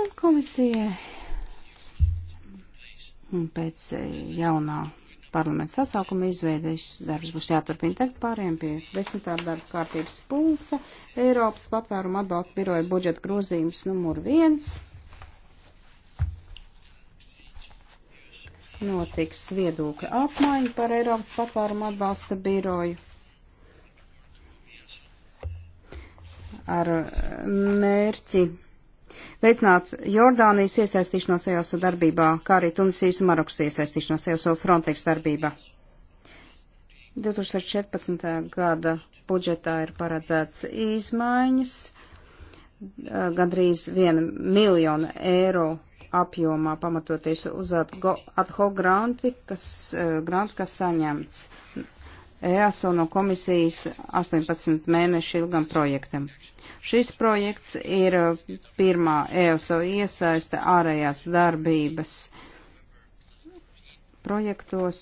Un komisija pēc eh, jaunā parlamenta sasaukuma izveidēs darbs būs jāturpina tagad pāriem pie desmitā darba kārtības punkta Eiropas patvērumu atbalsta biroja budžeta grozījums numur viens. notiks viedokļa apmaiņa par Eiropas patvērumu atbalsta biroju. Ar eh, mērķi veicināt Jordānijas iesaistīšanos EOS darbībā, kā arī Tunisijas un Marokas iesaistīšanos EOS Frontex darbībā. 2014. gada budžetā ir paredzēts izmaiņas eh, gandrīz 1 miljonu eiro apjomā, pamatoties uz ad hoc granti, kas, eh, grantu, kas saņemts EASO no komisijas 18 mēnešu ilgam projektam. Šis projekts ir eh, pirmā EASO iesaista ārējās darbības projektos,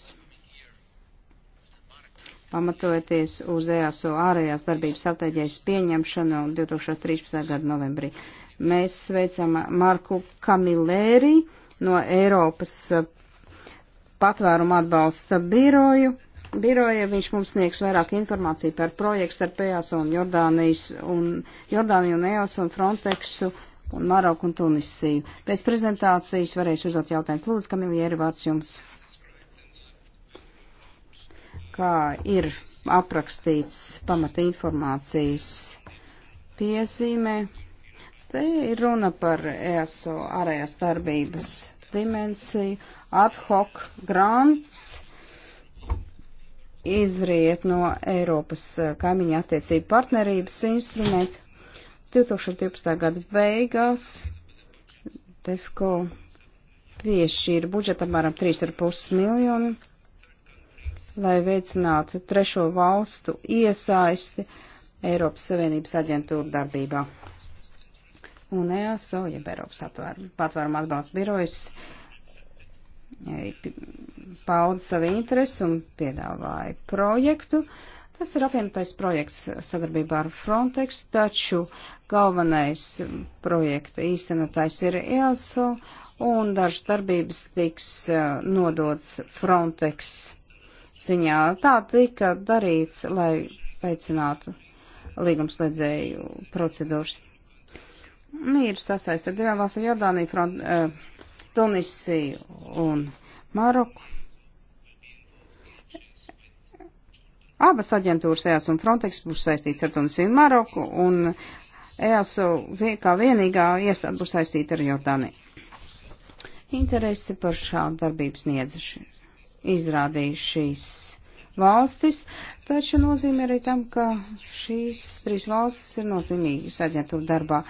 pamatojoties uz EASO ārējās darbības stratēģijas pieņemšanu 2013. gada novembrī. Uh, Mēs sveicam Marku Kamilēri no Eiropas eh, patvērumu atbalsta biroju. Biroja viņš mums sniegs vairāk informāciju par projektu starp EASO un Jordānijas un Jordāniju un EOS un Frontexu un Maroku un Tunisiju. Pēc prezentācijas varēs uzdot jautājumus. Lūdzu, Kamiljeri, vārds jums. Kā ir aprakstīts pamata informācijas piezīmē, Te ir runa par ESO ārējās darbības dimensiju, ad hoc grants izriet no Eiropas kaimiņa attiecību partnerības instrumentu. 2012. gada beigās DEFCO piešķīra budžetam apmēram 3,5 miljonu, lai veicinātu trešo valstu iesaisti Eiropas Savienības aģentūra darbībā un EASO, jeb Eiropas patvēruma atbalsts birojas, e, pauda savu interesi un piedāvāja projektu. Tas ir apvienotais projekts sadarbībā ar Frontex, taču galvenais projekta īstenotājs ir EASO un dažas darbības tiks e, nodots Frontex ziņā. Tā tika darīts, lai veicinātu līgumslēdzēju procedūras mīru sasaist ar divām valstīm - Jordāniju, Front, uh, Tunisiju un Maroku. Abas aģentūras EAS un Frontex būs saistīts ar Tunisiju un Maroku, un EAS kā vienīgā iestāde būs saistīta ar Jordāniju. Interesi par šādu darbību sniedz izrādīja šīs valstis, taču nozīme arī tam, ka šīs trīs valstis ir nozīmīgas aģentūra darbā.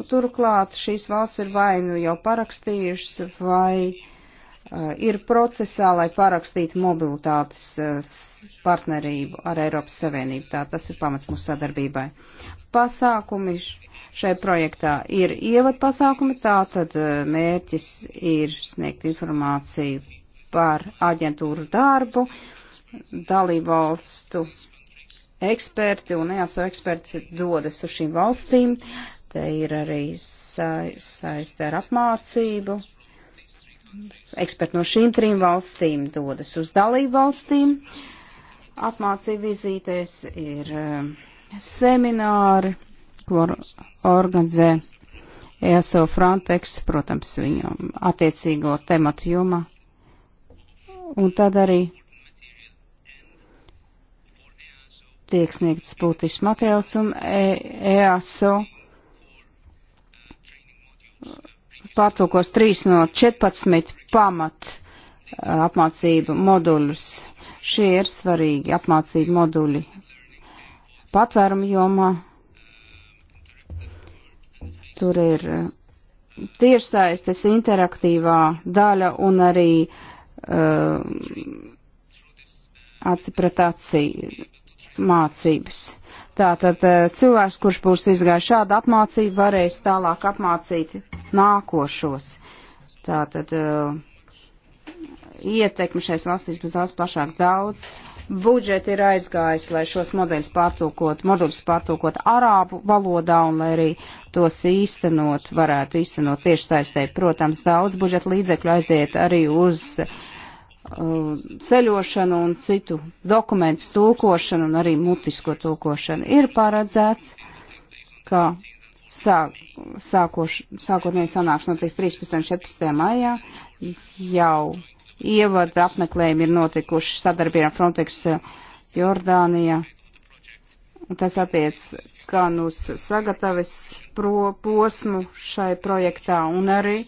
Un turklāt šīs valsts ir vai nu jau parakstījušas, vai uh, ir procesā, lai parakstītu mobilitātes uh, partnerību ar Eiropas Savienību. Tā tas ir pamats mūsu sadarbībai. Pasākumi šai projektā ir ievad pasākumi, tā tad uh, mērķis ir sniegt informāciju par aģentūru darbu. Uh, dalībvalstu eksperti un EASO eksperti dodas uz šīm valstīm. Te ir arī sa saistē ar apmācību. Eksperti no šīm trim valstīm dodas uz dalību valstīm. Apmācību vizītēs ir eh, semināri, ko organizē ESO Frontex, protams, viņu attiecīgo tematu jomā. Un tad arī tiek sniegts būtisks materiāls un e EASO pārtulkos 3 no 14 pamat e, apmācību moduļus. Šie ir svarīgi apmācību moduļi patvērumu jomā. Tur ir e, tiešsaistes interaktīvā daļa un arī uh, acipratācija mācības. Tātad eh, cilvēks, kurš būs izgājis šādu apmācību, varēs tālāk apmācīt nākošos. Tātad eh, ietekmi šais valstīs būs daudz plašāk daudz. Budžeti ir aizgājis, lai šos modeļus pārtūkot, moduļus pārtūkot arābu valodā un lai arī tos īstenot, varētu īstenot tieši saistē. Protams, daudz budžeta līdzekļu aiziet arī uz uh, Uh, ceļošanu un citu dokumentu tulkošanu un arī mutisko tulkošanu. Ir paredzēts, ka sāk, sākoš, sākotnēji sanāks notiks 13. un 14. maijā jau ievada apmeklējumi ir notikuši sadarbībā Frontex Jordānijā. Tas attiec gan uz sagatavis pro, posmu šai projektā un arī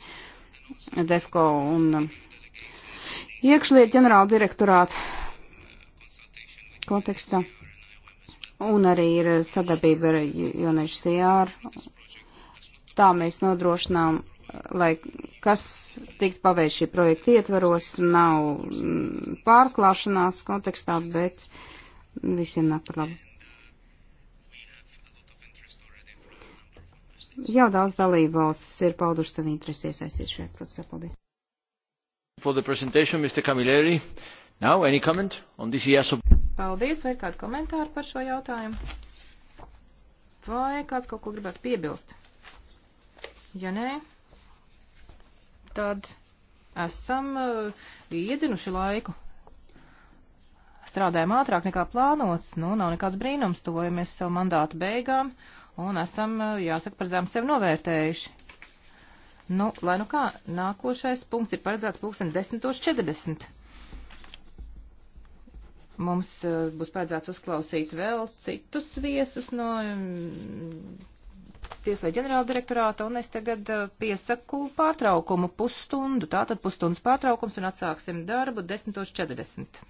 DEFCO un iekšlietu ģenerāla direktorāta kontekstā. Un arī ir sadarbība ar Jonešu Sijāru. Tā mēs nodrošinām, lai kas tikt paveikt šī projekta ietvaros, nav mm, pārklāšanās kontekstā, bet visiem nāk par labu. Jau daudz dalību valstis ir pauduši savu interesi iesaistīt šajā procesā. Paldies! for the presentation, Mr. Camilleri. Now, any comment on this EASO? Paldies, vai kādu komentāru par šo jautājumu? Vai kāds kaut ko gribētu piebilst? Ja nē, tad esam uh, iedzinuši laiku. Strādājam ātrāk nekā plānots, nu, nav nekāds brīnums, tuvojamies savu mandātu beigām un esam, uh, jāsaka, par zem sev novērtējuši. Nu, lai nu kā, nākošais punkts ir paredzēts pulksten 10.40. Mums uh, būs paredzēts uzklausīt vēl citus viesus no um, tieslietu ģenerāla direktorāta, un es tagad uh, piesaku pārtraukumu pusstundu, tātad pusstundas pārtraukums, un atsāksim darbu 10.40.